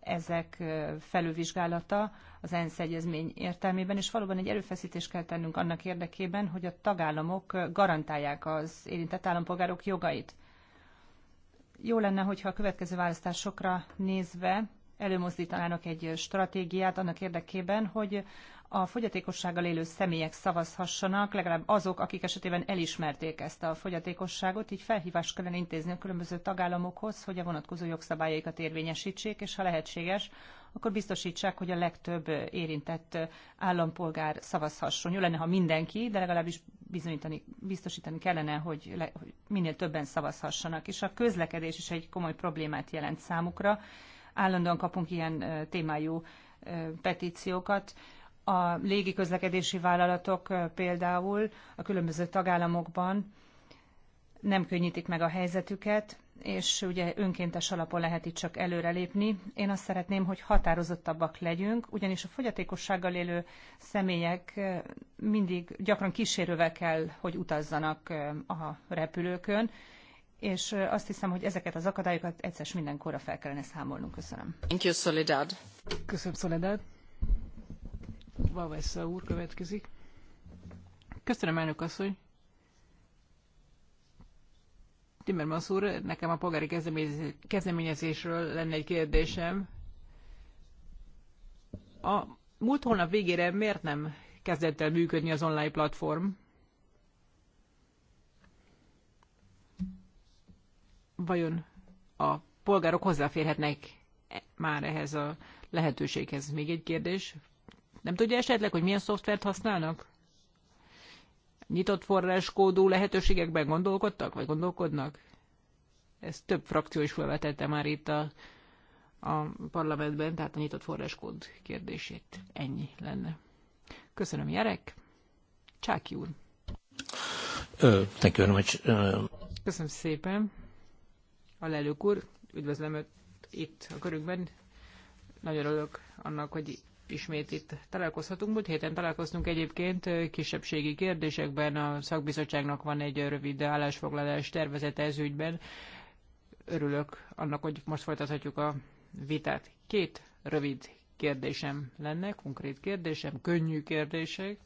ezek felülvizsgálata az ENSZ egyezmény értelmében, és valóban egy erőfeszítést kell tennünk annak érdekében, hogy a tagállamok garantálják az érintett állampolgárok jogait. Jó lenne, hogyha a következő választásokra nézve előmozdítanának egy stratégiát annak érdekében, hogy a fogyatékossággal élő személyek szavazhassanak, legalább azok, akik esetében elismerték ezt a fogyatékosságot, így felhívást kellene intézni a különböző tagállamokhoz, hogy a vonatkozó jogszabályaikat érvényesítsék, és ha lehetséges, akkor biztosítsák, hogy a legtöbb érintett állampolgár szavazhasson. Jó lenne, ha mindenki, de legalábbis bizonyítani, biztosítani kellene, hogy, le, hogy minél többen szavazhassanak. És a közlekedés is egy komoly problémát jelent számukra állandóan kapunk ilyen témájú petíciókat. A légiközlekedési vállalatok például a különböző tagállamokban nem könnyítik meg a helyzetüket, és ugye önkéntes alapon lehet itt csak előrelépni. Én azt szeretném, hogy határozottabbak legyünk, ugyanis a fogyatékossággal élő személyek mindig gyakran kísérővel kell, hogy utazzanak a repülőkön, és azt hiszem, hogy ezeket az akadályokat egyszer mindenkorra fel kellene számolnunk. Köszönöm. Thank you, Soledad. Köszönöm, Soledad. Valvesza úr következik. Köszönöm, elnök asszony. Timmermans úr, nekem a polgári kezdeményezésről lenne egy kérdésem. A múlt hónap végére miért nem kezdett el működni az online platform? vajon a polgárok hozzáférhetnek már ehhez a lehetőséghez? Még egy kérdés. Nem tudja esetleg, hogy milyen szoftvert használnak? Nyitott forráskódú lehetőségekben gondolkodtak, vagy gondolkodnak? Ezt több frakció is felvetette már itt a, a parlamentben, tehát a nyitott forráskód kérdését. Ennyi lenne. Köszönöm, Jerek. Csáki úr. Uh, thank you very much. Uh... Köszönöm szépen lelők úr, üdvözlöm Öt itt a körükben. Nagyon örülök annak, hogy ismét itt találkozhatunk. Múlt héten találkoztunk egyébként kisebbségi kérdésekben. A szakbizottságnak van egy rövid állásfoglalás tervezete ez ügyben. Örülök annak, hogy most folytathatjuk a vitát. Két rövid kérdésem lenne, konkrét kérdésem, könnyű kérdések.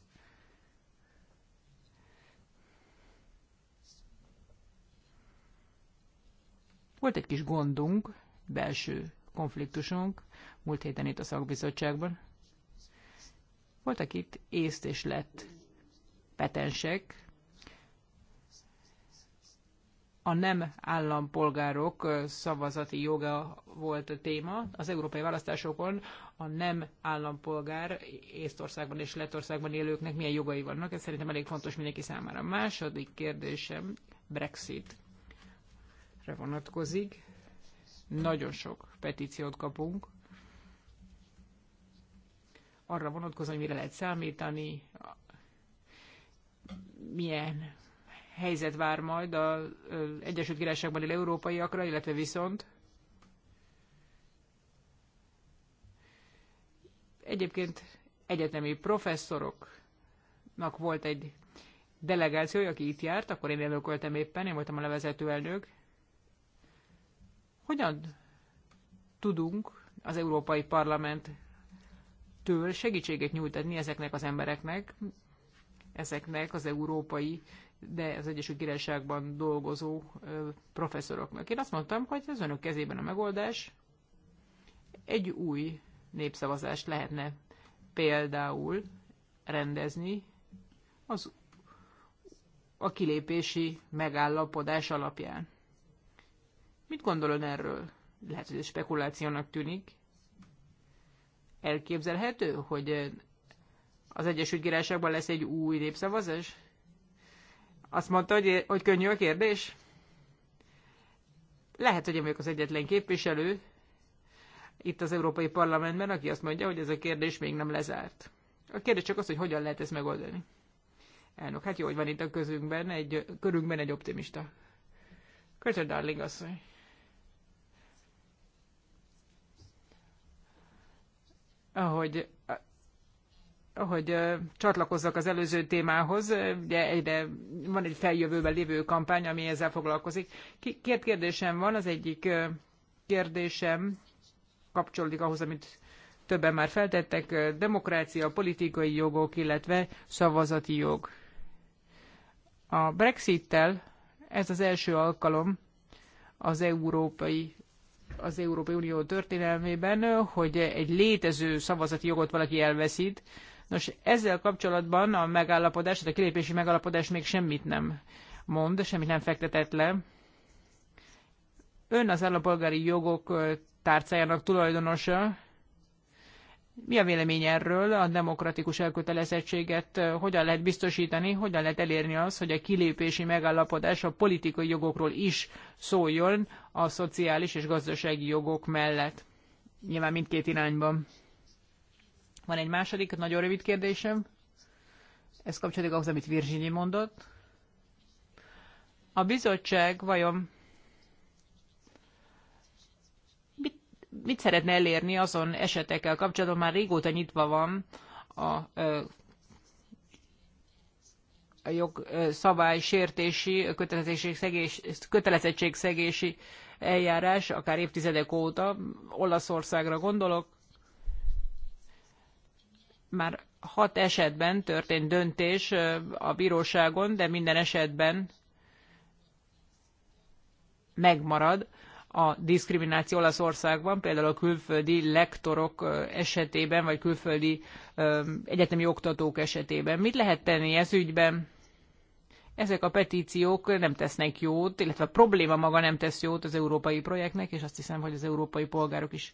Volt egy kis gondunk, belső konfliktusunk múlt héten itt a szakbizottságban. Voltak itt észt és lett petensek, a nem állampolgárok szavazati joga volt a téma. Az európai választásokon a nem állampolgár Észtországban és Lettországban élőknek milyen jogai vannak. Ez szerintem elég fontos mindenki számára. A második kérdésem Brexit vonatkozik. Nagyon sok petíciót kapunk arra vonatkozóan, hogy mire lehet számítani, milyen helyzet vár majd az Egyesült Királyságban él európaiakra, illetve viszont egyébként egyetemi professzoroknak volt egy delegáció, aki itt járt, akkor én elnököltem éppen, én voltam a levezető elnök, hogyan tudunk az Európai Parlament től segítséget nyújtani ezeknek az embereknek, ezeknek az európai, de az Egyesült Királyságban dolgozó professzoroknak. Én azt mondtam, hogy az önök kezében a megoldás egy új népszavazást lehetne például rendezni az a kilépési megállapodás alapján. Mit gondolod erről? Lehet, hogy ez spekulációnak tűnik. Elképzelhető, hogy eh, az Egyesült Királyságban lesz egy új népszavazás? Azt mondta, hogy, eh, hogy könnyű a kérdés? Lehet, hogy én vagyok az egyetlen képviselő itt az Európai Parlamentben, aki azt mondja, hogy ez a kérdés még nem lezárt. A kérdés csak az, hogy hogyan lehet ezt megoldani. Elnök, hát jó, hogy van itt a közünkben egy, körünkben egy optimista. Köszönöm, darling asszony. ahogy hogy csatlakozzak az előző témához, ugye egyre van egy feljövőben lévő kampány, ami ezzel foglalkozik. Két kérdésem van, az egyik kérdésem kapcsolódik ahhoz, amit többen már feltettek, demokrácia, politikai jogok, illetve szavazati jog. A Brexittel ez az első alkalom az európai az Európai Unió történelmében, hogy egy létező szavazati jogot valaki elveszít. Nos, ezzel kapcsolatban a megállapodás, a kilépési megállapodás még semmit nem mond, semmit nem fektetett le. Ön az állampolgári jogok tárcájának tulajdonosa, mi a vélemény erről? A demokratikus elkötelezettséget hogyan lehet biztosítani, hogyan lehet elérni az, hogy a kilépési megállapodás a politikai jogokról is szóljon a szociális és gazdasági jogok mellett? Nyilván mindkét irányban. Van egy második, nagyon rövid kérdésem. Ez kapcsolódik ahhoz, amit Virginie mondott. A bizottság vajon mit szeretne elérni azon esetekkel kapcsolatban, már régóta nyitva van a, a jogszabály sértési, kötelezettség szegési eljárás, akár évtizedek óta, Olaszországra gondolok, már hat esetben történt döntés a bíróságon, de minden esetben megmarad a diszkrimináció Olaszországban, például a külföldi lektorok esetében, vagy külföldi egyetemi oktatók esetében. Mit lehet tenni ez ügyben? Ezek a petíciók nem tesznek jót, illetve a probléma maga nem tesz jót az európai projektnek, és azt hiszem, hogy az európai polgárok is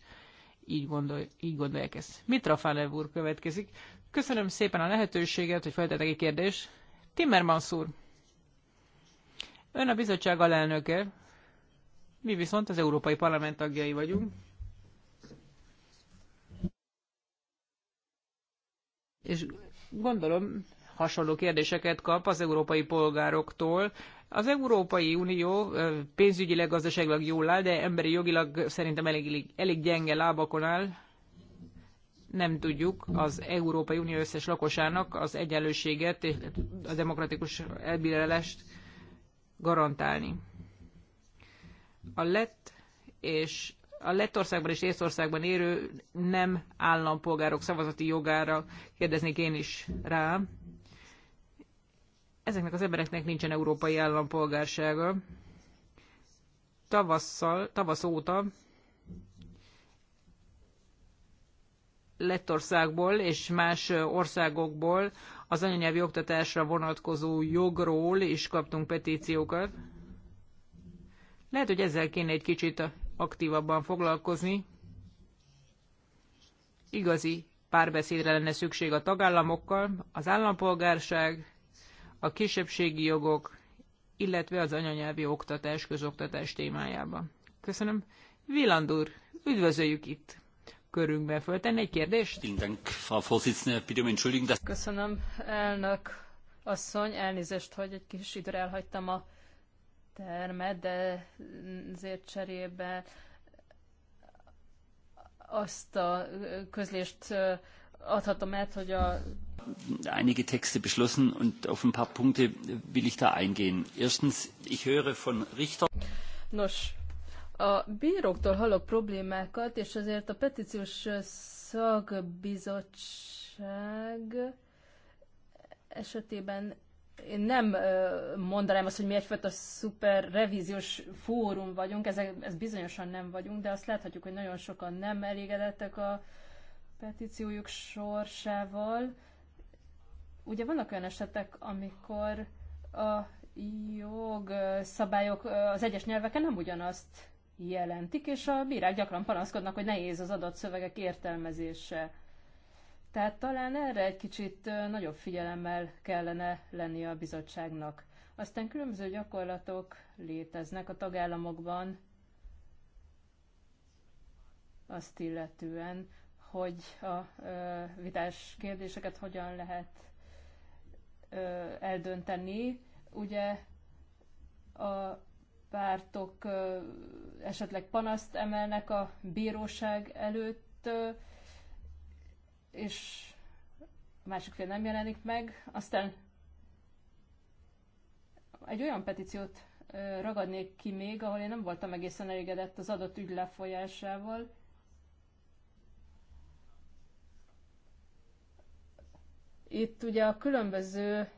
így, gondol, így gondolják ezt. Mitra Fálev úr következik. Köszönöm szépen a lehetőséget, hogy feltettek egy kérdést. Timmermans úr, ön a bizottság alelnöke, mi viszont az Európai Parlament tagjai vagyunk, és gondolom hasonló kérdéseket kap az európai polgároktól. Az Európai Unió pénzügyileg, gazdaságilag jól áll, de emberi jogilag szerintem elég, elég gyenge lábakon áll. Nem tudjuk az Európai Unió összes lakosának az egyenlőséget a demokratikus elbírálást garantálni a lett és a Lettországban és Észországban érő nem állampolgárok szavazati jogára kérdeznék én is rá. Ezeknek az embereknek nincsen európai állampolgársága. Tavasszal, tavasz óta Lettországból és más országokból az anyanyelvi oktatásra vonatkozó jogról is kaptunk petíciókat. Lehet, hogy ezzel kéne egy kicsit aktívabban foglalkozni. Igazi párbeszédre lenne szükség a tagállamokkal, az állampolgárság, a kisebbségi jogok, illetve az anyanyelvi oktatás, közoktatás témájában. Köszönöm. Vilandur, üdvözöljük itt körünkben. Föltenni egy kérdést? Um Köszönöm, elnök asszony, elnézést, hogy egy kis időre elhagytam a termet, de ezért cserébe azt a közlést adhatom át, hogy a einige Texte beschlossen und auf ein paar Punkte will ich da eingehen. Erstens, ich höre von Richter. Nos, a bíróktól hallok problémákat, és azért a petíciós szakbizottság esetében én nem mondanám azt, hogy mi egyfajta szuper revíziós fórum vagyunk, ez, ez bizonyosan nem vagyunk, de azt láthatjuk, hogy nagyon sokan nem elégedettek a petíciójuk sorsával. Ugye vannak olyan esetek, amikor a jog szabályok az egyes nyelveken nem ugyanazt jelentik, és a bírák gyakran panaszkodnak, hogy nehéz az adott szövegek értelmezése. Tehát talán erre egy kicsit nagyobb figyelemmel kellene lennie a bizottságnak. Aztán különböző gyakorlatok léteznek a tagállamokban, azt illetően, hogy a ö, vitás kérdéseket hogyan lehet ö, eldönteni. Ugye a pártok ö, esetleg panaszt emelnek a bíróság előtt, ö, és a másik fél nem jelenik meg. Aztán egy olyan petíciót ragadnék ki még, ahol én nem voltam egészen elégedett az adott ügy lefolyásával. Itt ugye a különböző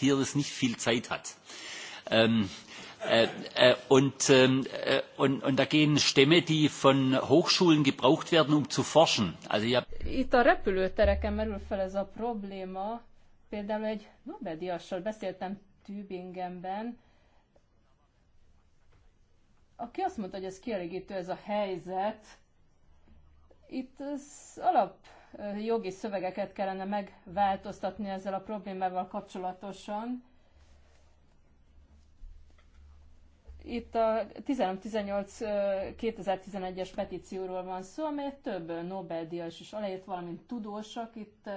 hier ist nicht viel Zeit hat. Ähm, Äh, äh, und, ähm, äh, und, und da gehen Stämme, die von Hochschulen gebraucht werden, um zu forschen. Also, ja. Itt a repülőtereken merül fel ez a probléma. Például egy Nobel-díjassal beszéltem Tübingenben, aki azt mondta, hogy ez kielégítő ez a helyzet. Itt az alap jogi szövegeket kellene megváltoztatni ezzel a problémával kapcsolatosan Itt a 13-18-2011-es petícióról van szó, amelyet több Nobel-díjas is aláírt, valamint tudósok itt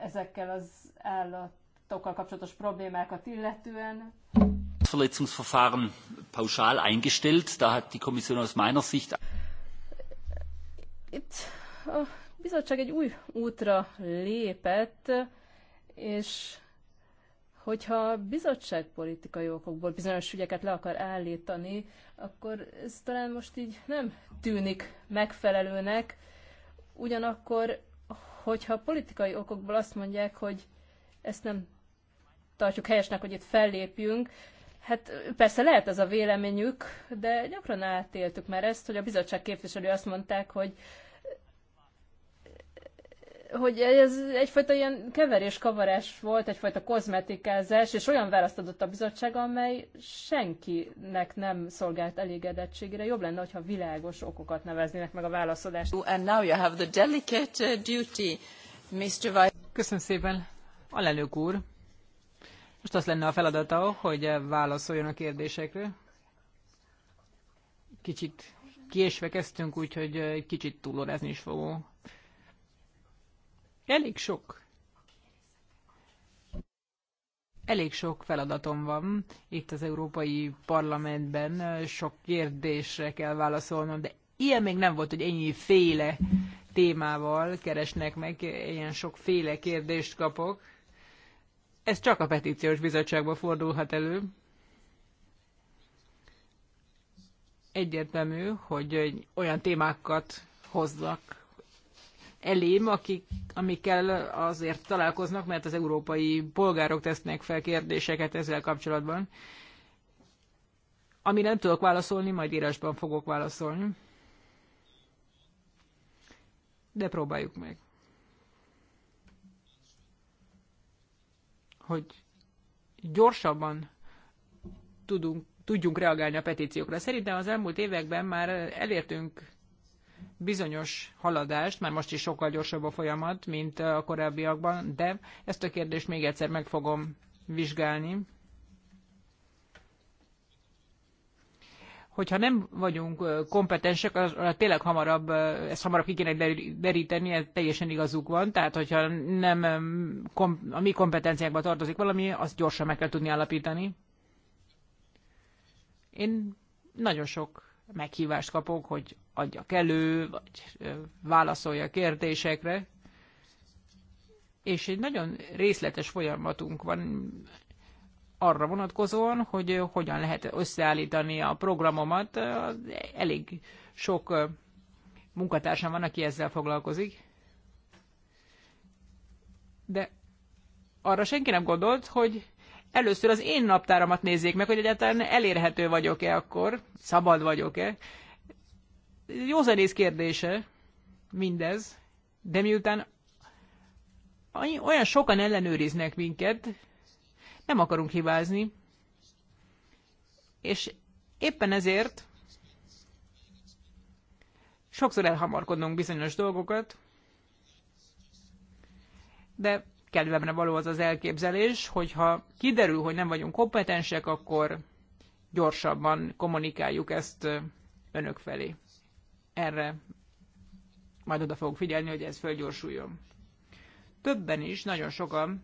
ezekkel az állatokkal kapcsolatos problémákat illetően. Verletzungsverfahren pauschal eingestellt. Da hat die Kommission aus meiner Sicht. Itt a bizottság egy új útra lépett, és Hogyha politikai okokból bizonyos ügyeket le akar állítani, akkor ez talán most így nem tűnik megfelelőnek. Ugyanakkor, hogyha politikai okokból azt mondják, hogy ezt nem tartjuk helyesnek, hogy itt fellépjünk, Hát persze lehet ez a véleményük, de gyakran átéltük már ezt, hogy a bizottság képviselő azt mondták, hogy hogy ez egyfajta ilyen keverés-kavarás volt, egyfajta kozmetikázás, és olyan választ adott a bizottság, amely senkinek nem szolgált elégedettségére. Jobb lenne, hogyha világos okokat neveznének meg a válaszadást. And now you have the delicate uh, duty, Mr. Vice. Köszönöm szépen, alelnök úr. Most azt lenne a feladata, hogy válaszoljon a kérdésekre. Kicsit kiesve kezdtünk, úgyhogy egy uh, kicsit túlórázni is fogunk. Elég sok. Elég sok feladatom van itt az Európai Parlamentben, sok kérdésre kell válaszolnom, de ilyen még nem volt, hogy ennyi féle témával keresnek meg, ilyen sok féle kérdést kapok. Ez csak a petíciós bizottságba fordulhat elő. Egyértelmű, hogy olyan témákat hoznak elém, akik, amikkel azért találkoznak, mert az európai polgárok tesznek fel kérdéseket ezzel kapcsolatban. Ami nem tudok válaszolni, majd írásban fogok válaszolni. De próbáljuk meg. Hogy gyorsabban tudunk, tudjunk reagálni a petíciókra. Szerintem az elmúlt években már elértünk bizonyos haladást, már most is sokkal gyorsabb a folyamat, mint eh, a korábbiakban, de ezt a kérdést még egyszer meg fogom vizsgálni. Hogyha nem vagyunk eh, kompetensek, az, az tényleg hamarabb, eh, ezt hamarabb ki kéne deríteni, ez teljesen igazuk van, tehát hogyha nem kom, a mi kompetenciákba tartozik valami, azt gyorsan meg kell tudni állapítani. Én nagyon sok meghívást kapok, hogy adjak elő, vagy válaszolja a kérdésekre. És egy nagyon részletes folyamatunk van arra vonatkozóan, hogy hogyan lehet összeállítani a programomat. Elég sok munkatársam van, aki ezzel foglalkozik. De arra senki nem gondolt, hogy először az én naptáramat nézzék meg, hogy egyáltalán elérhető vagyok-e akkor, szabad vagyok-e zenész kérdése mindez, de miután olyan sokan ellenőriznek minket, nem akarunk hibázni, és éppen ezért sokszor elhamarkodunk bizonyos dolgokat, de kedvemre való az az elképzelés, hogyha kiderül, hogy nem vagyunk kompetensek, akkor gyorsabban kommunikáljuk ezt önök felé erre majd oda fogok figyelni, hogy ez fölgyorsuljon. Többen is, nagyon sokan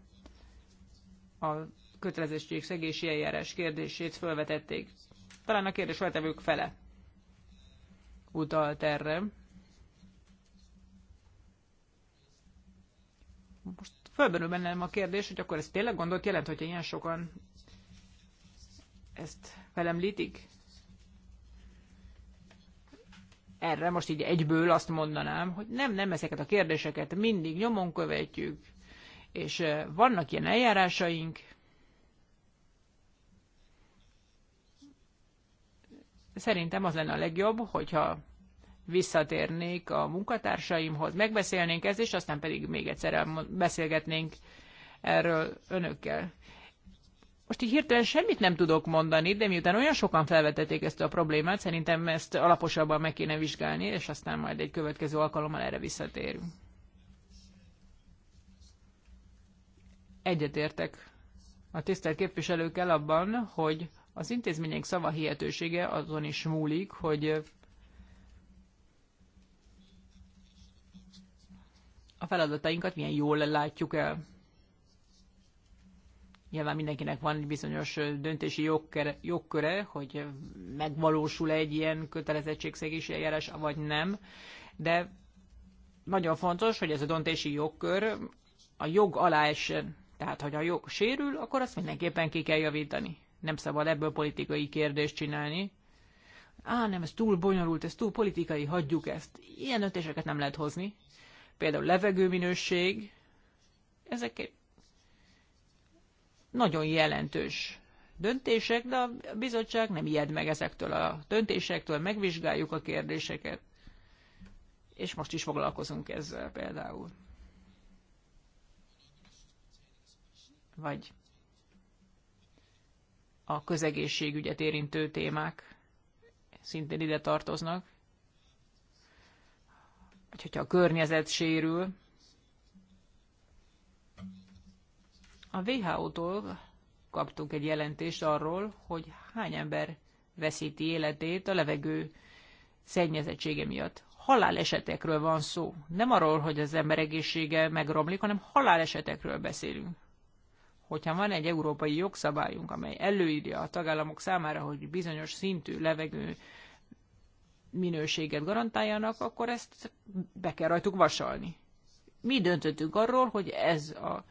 a szegési eljárás kérdését felvetették. Talán a kérdés feltevők fele utalt erre. Most fölbenül bennem a kérdés, hogy akkor ez tényleg gondot jelent, hogy ilyen sokan ezt felemlítik? erre most így egyből azt mondanám, hogy nem, nem ezeket a kérdéseket mindig nyomon követjük, és vannak ilyen eljárásaink, Szerintem az lenne a legjobb, hogyha visszatérnék a munkatársaimhoz, megbeszélnénk ezt, és aztán pedig még egyszer beszélgetnénk erről önökkel. Most így hirtelen semmit nem tudok mondani, de miután olyan sokan felvetették ezt a problémát, szerintem ezt alaposabban meg kéne vizsgálni, és aztán majd egy következő alkalommal erre visszatérünk. Egyetértek a tisztelt képviselőkkel abban, hogy az intézmények szava hihetősége azon is múlik, hogy a feladatainkat milyen jól látjuk el. Nyilván mindenkinek van egy bizonyos döntési jogköre, jogköre hogy megvalósul -e egy ilyen kötelezettségszegési eljárás, vagy nem, de nagyon fontos, hogy ez a döntési jogkör a jog alá essen. Tehát, hogy a jog sérül, akkor azt mindenképpen ki kell javítani. Nem szabad ebből politikai kérdést csinálni. Á, nem, ez túl bonyolult, ez túl politikai, hagyjuk ezt. Ilyen ötéseket nem lehet hozni. Például levegőminőség, ezek nagyon jelentős döntések, de a bizottság nem ijed meg ezektől a döntésektől, megvizsgáljuk a kérdéseket, és most is foglalkozunk ezzel például. Vagy a közegészségügyet érintő témák szintén ide tartoznak. Vagy hogyha a környezet sérül, A WHO-tól kaptunk egy jelentést arról, hogy hány ember veszíti életét a levegő szennyezettsége miatt. Halálesetekről van szó. Nem arról, hogy az ember egészsége megromlik, hanem halálesetekről beszélünk. Hogyha van egy európai jogszabályunk, amely előírja a tagállamok számára, hogy bizonyos szintű levegő minőséget garantáljanak, akkor ezt be kell rajtuk vasalni. Mi döntöttünk arról, hogy ez a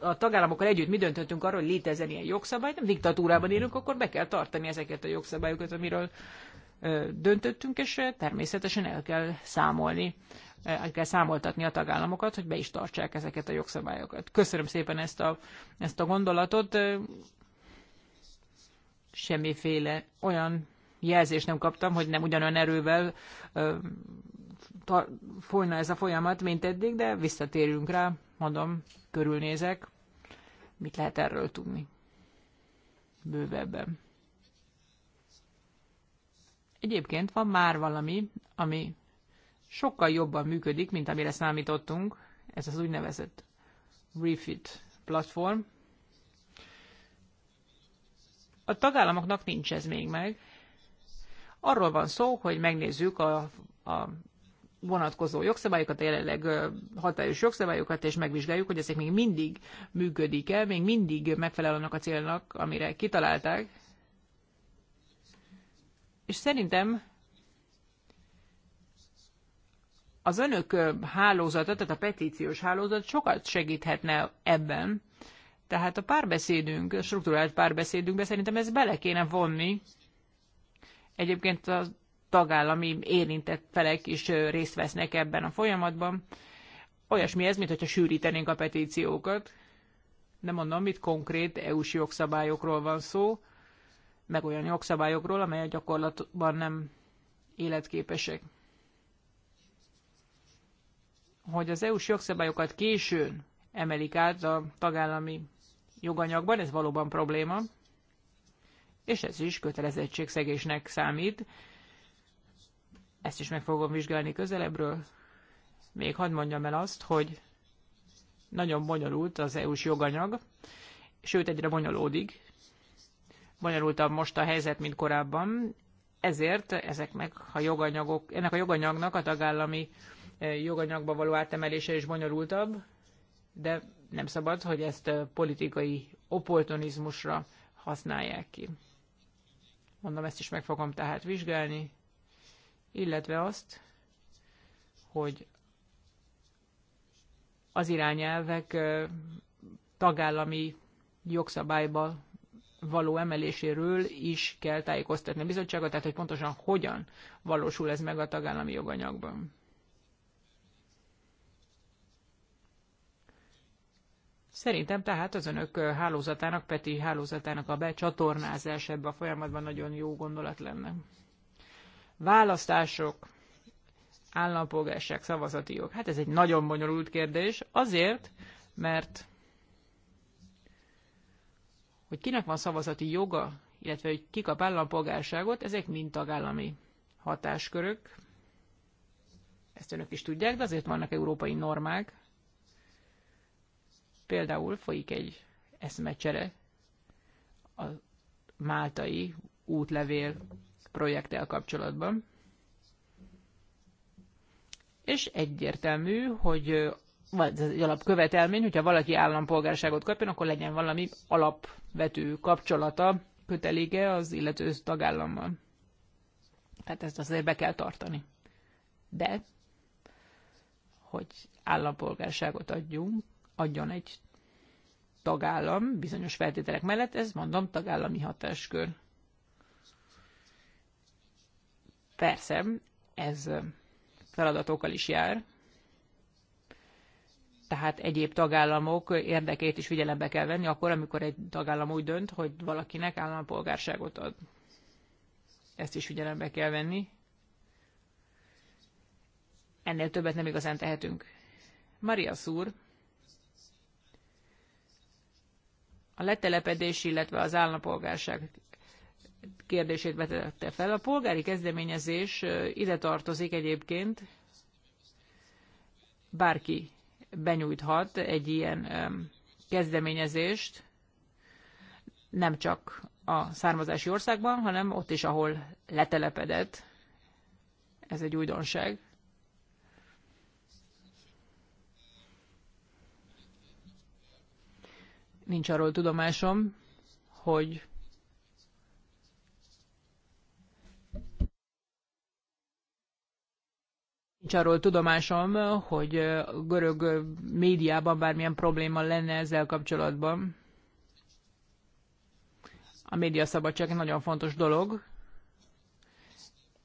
a tagállamokkal együtt mi döntöttünk arról, hogy létezzen ilyen jogszabály, nem diktatúrában élünk, akkor be kell tartani ezeket a jogszabályokat, amiről döntöttünk, és természetesen el kell számolni, el kell számoltatni a tagállamokat, hogy be is tartsák ezeket a jogszabályokat. Köszönöm szépen ezt a, ezt a gondolatot. Semmiféle olyan jelzést nem kaptam, hogy nem ugyanolyan erővel folyna ez a folyamat, mint eddig, de visszatérünk rá, mondom, körülnézek, mit lehet erről tudni bővebben. Egyébként van már valami, ami sokkal jobban működik, mint amire számítottunk, ez az úgynevezett Refit platform. A tagállamoknak nincs ez még meg. Arról van szó, hogy megnézzük a, a vonatkozó jogszabályokat, a jelenleg hatályos jogszabályokat, és megvizsgáljuk, hogy ezek még mindig működik-e, még mindig megfelel annak a célnak, amire kitalálták. És szerintem az önök hálózata, tehát a petíciós hálózat sokat segíthetne ebben. Tehát a párbeszédünk, a struktúrált párbeszédünkben szerintem ezt bele kéne vonni. Egyébként az tagállami érintett felek is részt vesznek ebben a folyamatban. Olyasmi ez, mintha sűrítenénk a petíciókat. Nem mondom, itt konkrét EU-s jogszabályokról van szó, meg olyan jogszabályokról, amelyek gyakorlatban nem életképesek. Hogy az EU-s jogszabályokat későn emelik át a tagállami joganyagban, ez valóban probléma, és ez is kötelezettségszegésnek számít, ezt is meg fogom vizsgálni közelebbről. Még hadd mondjam el azt, hogy nagyon bonyolult az EU-s joganyag, sőt egyre bonyolódik. Bonyolultabb most a helyzet, mint korábban, ezért ezeknek a joganyagok, ennek a joganyagnak a tagállami e, joganyagba való átemelése is bonyolultabb, de nem szabad, hogy ezt e, politikai opportunizmusra használják ki. Mondom, ezt is meg fogom tehát vizsgálni, illetve azt, hogy az irányelvek tagállami jogszabályba való emeléséről is kell tájékoztatni a bizottságot, tehát hogy pontosan hogyan valósul ez meg a tagállami joganyagban. Szerintem tehát az önök hálózatának, Peti hálózatának a becsatornázás ebbe a folyamatban nagyon jó gondolat lenne választások, állampolgárság, szavazati jog. Hát ez egy nagyon bonyolult kérdés, azért, mert hogy kinek van szavazati joga, illetve hogy ki kap állampolgárságot, ezek mind tagállami hatáskörök. Ezt önök is tudják, de azért vannak európai normák. Például folyik egy eszmecsere a máltai útlevél projekttel kapcsolatban. És egyértelmű, hogy vagy ez egy alapkövetelmény, hogyha valaki állampolgárságot kapjon, akkor legyen valami alapvető kapcsolata, köteléke az illető tagállammal. Tehát ezt azért be kell tartani. De, hogy állampolgárságot adjunk, adjon egy tagállam bizonyos feltételek mellett, ez mondom tagállami hatáskör. Persze, ez feladatokkal is jár, tehát egyéb tagállamok érdekét is figyelembe kell venni, akkor, amikor egy tagállam úgy dönt, hogy valakinek állampolgárságot ad. Ezt is figyelembe kell venni. Ennél többet nem igazán tehetünk. Maria Szúr, a letelepedés, illetve az állampolgárság kérdését vetette fel. A polgári kezdeményezés ide tartozik egyébként, bárki benyújthat egy ilyen kezdeményezést, nem csak a származási országban, hanem ott is, ahol letelepedett. Ez egy újdonság. Nincs arról tudomásom, hogy Nincs arról tudomásom, hogy a görög médiában bármilyen probléma lenne ezzel kapcsolatban. A szabadság egy nagyon fontos dolog,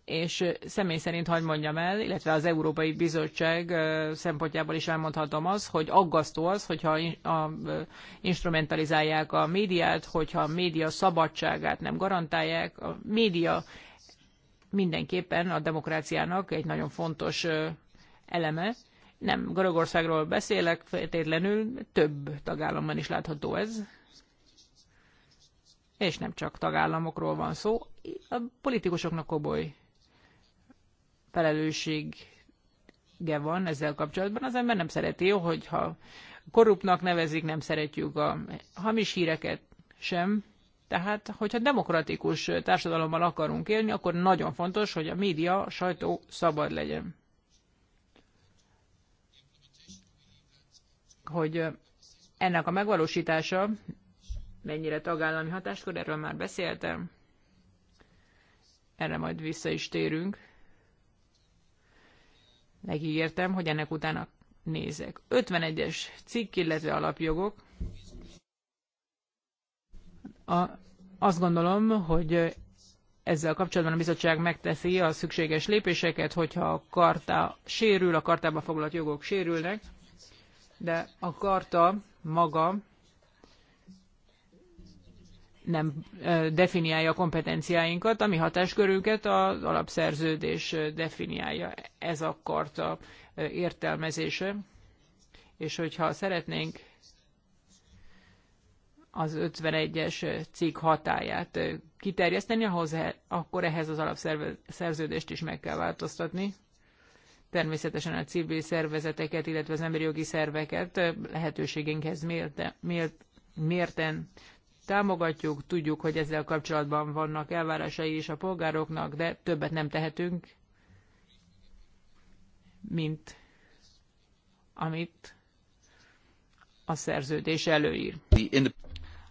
és személy szerint hagyd mondjam el, illetve az Európai Bizottság szempontjából is elmondhatom az, hogy aggasztó az, hogyha a, instrumentalizálják a médiát, hogyha a média szabadságát nem garantálják, a média mindenképpen a demokráciának egy nagyon fontos eleme. Nem Görögországról beszélek, feltétlenül több tagállamban is látható ez. És nem csak tagállamokról van szó. A politikusoknak komoly felelőssége van ezzel kapcsolatban. Az ember nem szereti, hogyha korruptnak nevezik, nem szeretjük a hamis híreket sem tehát, hogyha demokratikus társadalommal akarunk élni, akkor nagyon fontos, hogy a média, a sajtó szabad legyen. Hogy ennek a megvalósítása mennyire tagállami hatáskor, erről már beszéltem. Erre majd vissza is térünk. Megígértem, hogy ennek utána nézek. 51-es cikk, illetve alapjogok. A, azt gondolom, hogy ezzel kapcsolatban a bizottság megteszi a szükséges lépéseket, hogyha a karta sérül, a kartába foglalt jogok sérülnek, de a karta maga nem definiálja a kompetenciáinkat, ami hatáskörünket az alapszerződés definiálja. Ez a karta értelmezése. És hogyha szeretnénk az 51-es cikk hatáját kiterjeszteni, ahhoz, e- akkor ehhez az alapszerződést is meg kell változtatni. Természetesen a civil szervezeteket, illetve az emberi jogi szerveket lehetőségénkhez mérte, mért, mérten támogatjuk, tudjuk, hogy ezzel kapcsolatban vannak elvárásai is a polgároknak, de többet nem tehetünk, mint amit a szerződés előír.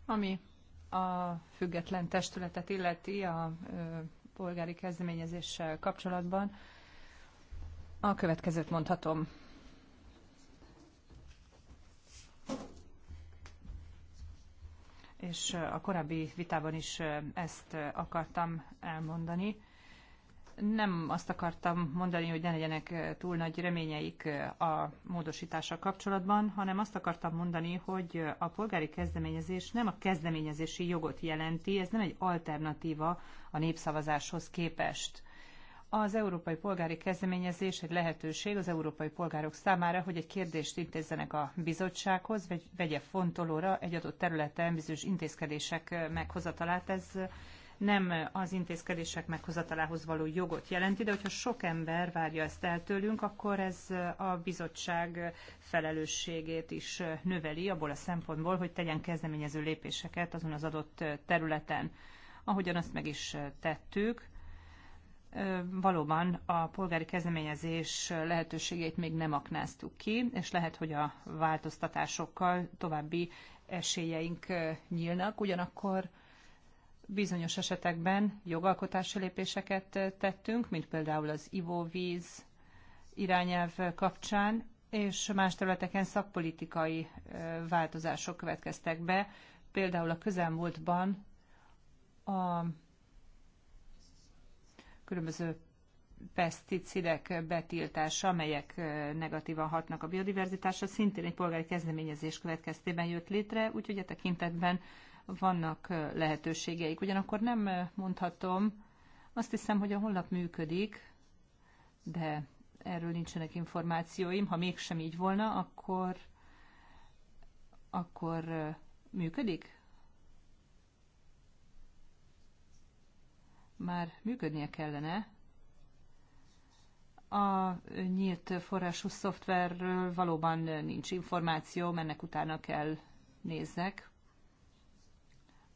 Ami a független testületet illeti a polgári kezdeményezéssel kapcsolatban, a következőt mondhatom. És a korábbi vitában is ezt akartam elmondani nem azt akartam mondani, hogy ne legyenek túl nagy reményeik a módosítással kapcsolatban, hanem azt akartam mondani, hogy a polgári kezdeményezés nem a kezdeményezési jogot jelenti, ez nem egy alternatíva a népszavazáshoz képest. Az európai polgári kezdeményezés egy lehetőség az európai polgárok számára, hogy egy kérdést intézzenek a bizottsághoz, vagy vegye fontolóra egy adott területen bizonyos intézkedések meghozatalát. Ez nem az intézkedések meghozatalához való jogot jelenti, de hogyha sok ember várja ezt el tőlünk, akkor ez a bizottság felelősségét is növeli abból a szempontból, hogy tegyen kezdeményező lépéseket azon az adott területen. Ahogyan azt meg is tettük, valóban a polgári kezdeményezés lehetőségeit még nem aknáztuk ki, és lehet, hogy a változtatásokkal további esélyeink nyílnak, ugyanakkor Bizonyos esetekben jogalkotási lépéseket eh, tettünk, mint például az ivóvíz irányelv kapcsán, és más területeken szakpolitikai eh, változások következtek be, például a közelmúltban a különböző peszticidek betiltása, amelyek eh, negatívan hatnak a biodiverzitásra, szintén egy polgári kezdeményezés következtében jött létre, úgyhogy a e tekintetben vannak lehetőségeik. Ugyanakkor nem mondhatom, azt hiszem, hogy a honlap működik, de erről nincsenek információim. Ha mégsem így volna, akkor, akkor működik? Már működnie kellene a nyílt forrású szoftverről valóban nincs információ, ennek utána kell nézzek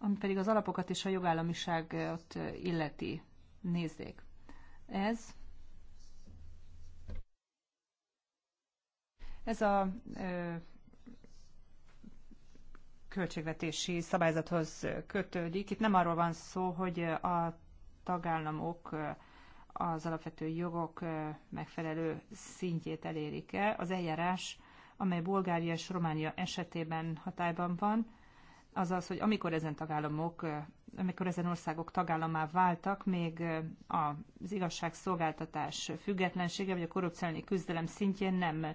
ami pedig az alapokat és a jogállamiságot illeti. Nézzék. Ez ez a ö, költségvetési szabályzathoz kötődik. Itt nem arról van szó, hogy a tagállamok az alapvető jogok megfelelő szintjét elérik-e. Az eljárás, amely Bulgária és Románia esetében hatályban van, az az, hogy amikor ezen tagállamok, amikor ezen országok tagállamá váltak, még az igazságszolgáltatás függetlensége vagy a korrupciálni küzdelem szintjén nem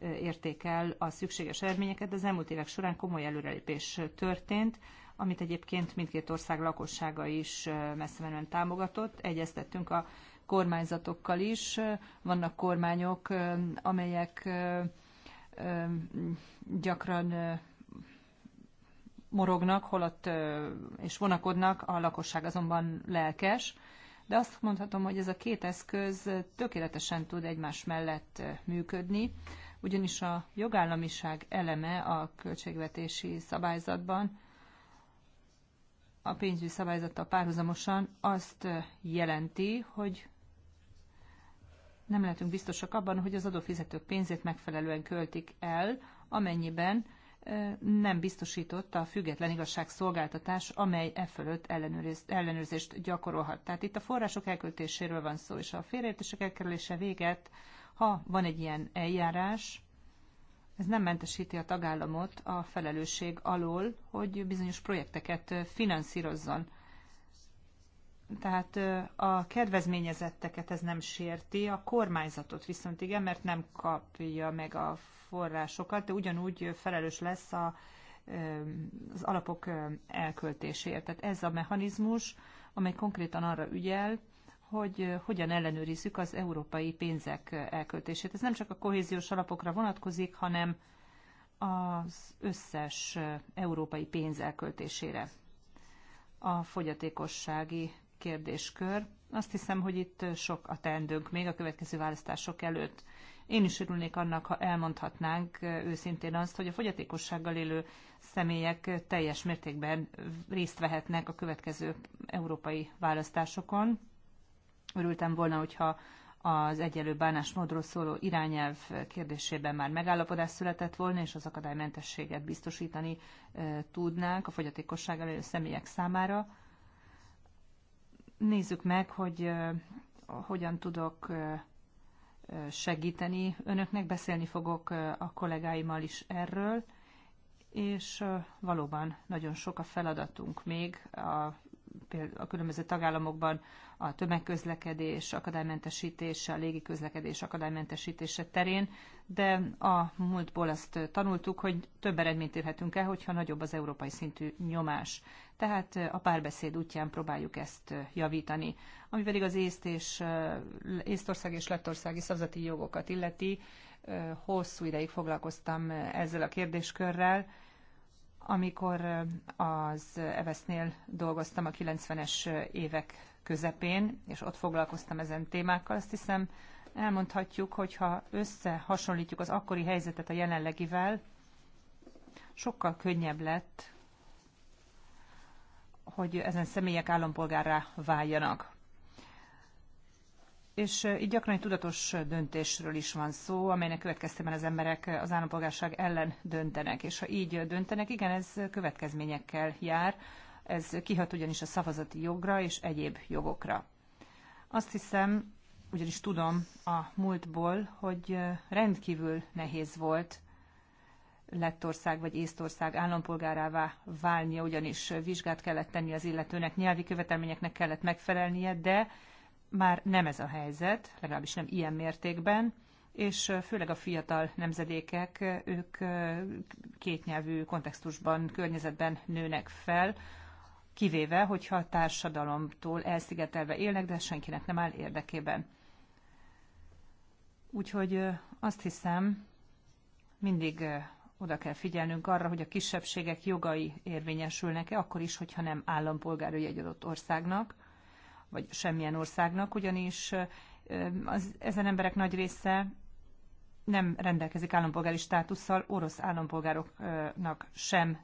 érték el a szükséges eredményeket, de az elmúlt évek során komoly előrelépés történt, amit egyébként mindkét ország lakossága is messze menően támogatott. Egyeztettünk a kormányzatokkal is. Vannak kormányok, amelyek gyakran morognak, holott és vonakodnak, a lakosság azonban lelkes. De azt mondhatom, hogy ez a két eszköz tökéletesen tud egymás mellett működni, ugyanis a jogállamiság eleme a költségvetési szabályzatban, a pénzügyi szabályzattal párhuzamosan azt jelenti, hogy nem lehetünk biztosak abban, hogy az adófizetők pénzét megfelelően költik el, amennyiben nem biztosította a független igazságszolgáltatás, amely e fölött ellenőrzést gyakorolhat. Tehát itt a források elköltéséről van szó, és a félreértések elkerülése véget, ha van egy ilyen eljárás, ez nem mentesíti a tagállamot a felelősség alól, hogy bizonyos projekteket finanszírozzon tehát a kedvezményezetteket ez nem sérti, a kormányzatot viszont igen, mert nem kapja meg a forrásokat, de ugyanúgy felelős lesz a, az alapok elköltéséért. Tehát ez a mechanizmus, amely konkrétan arra ügyel, hogy hogyan ellenőrizzük az európai pénzek elköltését. Ez nem csak a kohéziós alapokra vonatkozik, hanem az összes európai pénz elköltésére a fogyatékossági kérdéskör. Azt hiszem, hogy itt sok a teendőnk még a következő választások előtt. Én is örülnék annak, ha elmondhatnánk őszintén azt, hogy a fogyatékossággal élő személyek teljes mértékben részt vehetnek a következő európai választásokon. Örültem volna, hogyha az egyelő bánásmódról szóló irányelv kérdésében már megállapodás született volna, és az akadálymentességet biztosítani eh, tudnánk a fogyatékossággal élő személyek számára Nézzük meg, hogy hogyan tudok segíteni önöknek, beszélni fogok a kollégáimmal is erről, és valóban nagyon sok a feladatunk még a a különböző tagállamokban a tömegközlekedés akadálymentesítése, a légiközlekedés akadálymentesítése terén, de a múltból azt tanultuk, hogy több eredményt érhetünk el, hogyha nagyobb az európai szintű nyomás. Tehát a párbeszéd útján próbáljuk ezt javítani. Ami pedig az észt és, észtország és lettországi szavazati jogokat illeti, hosszú ideig foglalkoztam ezzel a kérdéskörrel, amikor az Evesznél dolgoztam a 90-es évek közepén, és ott foglalkoztam ezen témákkal, azt hiszem elmondhatjuk, hogy ha összehasonlítjuk az akkori helyzetet a jelenlegivel, sokkal könnyebb lett, hogy ezen személyek állampolgárra váljanak és így gyakran egy tudatos döntésről is van szó, amelynek következtében az emberek az állampolgárság ellen döntenek. És ha így döntenek, igen, ez következményekkel jár, ez kihat ugyanis a szavazati jogra és egyéb jogokra. Azt hiszem, ugyanis tudom a múltból, hogy rendkívül nehéz volt Lettország vagy Észtország állampolgárává válnia, ugyanis vizsgát kellett tenni az illetőnek, nyelvi követelményeknek kellett megfelelnie, de már nem ez a helyzet, legalábbis nem ilyen mértékben, és főleg a fiatal nemzedékek, ők kétnyelvű kontextusban, környezetben nőnek fel, kivéve, hogyha a társadalomtól elszigetelve élnek, de senkinek nem áll érdekében. Úgyhogy azt hiszem, mindig oda kell figyelnünk arra, hogy a kisebbségek jogai érvényesülnek-e, akkor is, hogyha nem állampolgárai egy adott országnak, vagy semmilyen országnak, ugyanis az, ezen emberek nagy része nem rendelkezik állampolgári státusszal, orosz állampolgároknak sem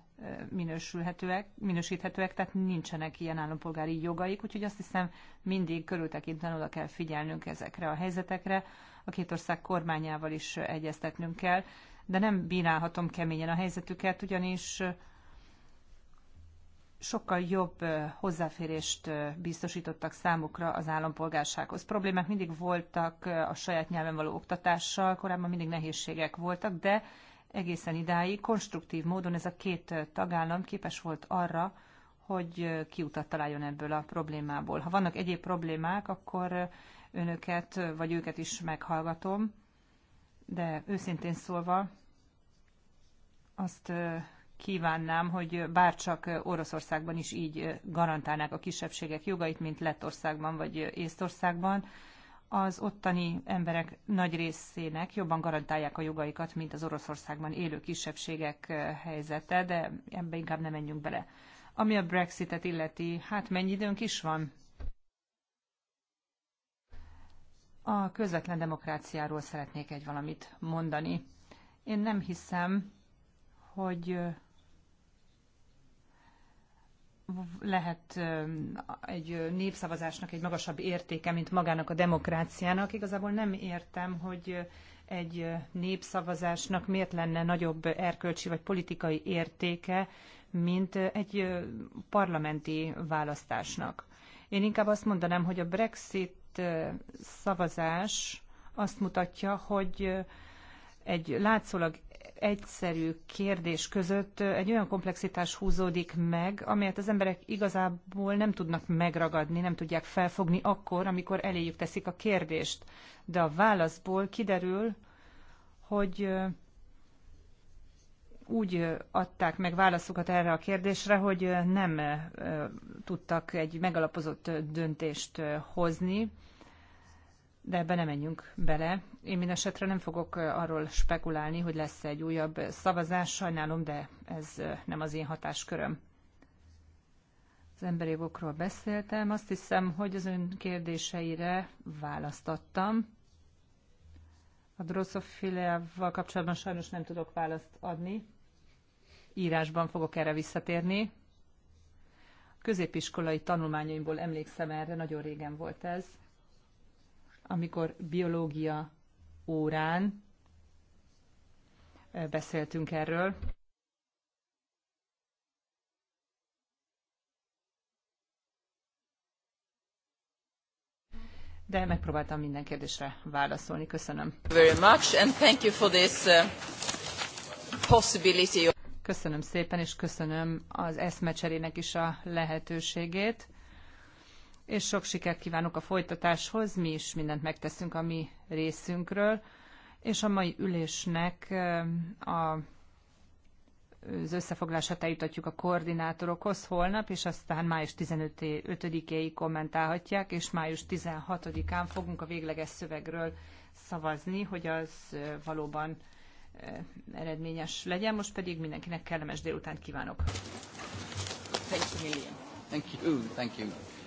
minősülhetőek, minősíthetőek, tehát nincsenek ilyen állampolgári jogaik, úgyhogy azt hiszem mindig körültekintően oda kell figyelnünk ezekre a helyzetekre, a két ország kormányával is egyeztetnünk kell, de nem bírálhatom keményen a helyzetüket, ugyanis sokkal jobb hozzáférést biztosítottak számukra az állampolgársághoz. Problémák mindig voltak a saját nyelven való oktatással, korábban mindig nehézségek voltak, de egészen idáig konstruktív módon ez a két tagállam képes volt arra, hogy kiutat találjon ebből a problémából. Ha vannak egyéb problémák, akkor önöket vagy őket is meghallgatom, de őszintén szólva azt kívánnám, hogy bárcsak Oroszországban is így garantálnák a kisebbségek jogait, mint Lettországban vagy Észtországban. Az ottani emberek nagy részének jobban garantálják a jogaikat, mint az Oroszországban élő kisebbségek helyzete, de ebbe inkább nem menjünk bele. Ami a Brexitet illeti, hát mennyi időnk is van? A közvetlen demokráciáról szeretnék egy valamit mondani. Én nem hiszem, hogy lehet egy népszavazásnak egy magasabb értéke, mint magának a demokráciának. Igazából nem értem, hogy egy népszavazásnak miért lenne nagyobb erkölcsi vagy politikai értéke, mint egy parlamenti választásnak. Én inkább azt mondanám, hogy a Brexit szavazás azt mutatja, hogy egy látszólag egyszerű kérdés között egy olyan komplexitás húzódik meg, amelyet az emberek igazából nem tudnak megragadni, nem tudják felfogni akkor, amikor eléjük teszik a kérdést. De a válaszból kiderül, hogy úgy adták meg válaszokat erre a kérdésre, hogy nem tudtak egy megalapozott döntést hozni, de ebbe nem menjünk bele. Én minden esetre nem fogok arról spekulálni, hogy lesz egy újabb szavazás, sajnálom, de ez nem az én hatásköröm. Az emberi jogokról beszéltem, azt hiszem, hogy az ön kérdéseire választattam. A droszofileával kapcsolatban sajnos nem tudok választ adni. Írásban fogok erre visszatérni. Középiskolai tanulmányaimból emlékszem erre, nagyon régen volt ez amikor biológia órán beszéltünk erről. de megpróbáltam minden kérdésre válaszolni. Köszönöm. Very much and thank you for this uh, possibility. Köszönöm szépen, és köszönöm az eszmecserének is a lehetőségét és sok sikert kívánok a folytatáshoz. Mi is mindent megteszünk a mi részünkről, és a mai ülésnek a az összefoglását eljutatjuk a koordinátorokhoz holnap, és aztán május 15-éig kommentálhatják, és május 16-án fogunk a végleges szövegről szavazni, hogy az valóban eredményes legyen. Most pedig mindenkinek kellemes délután kívánok. Thank you. Thank you. Thank you.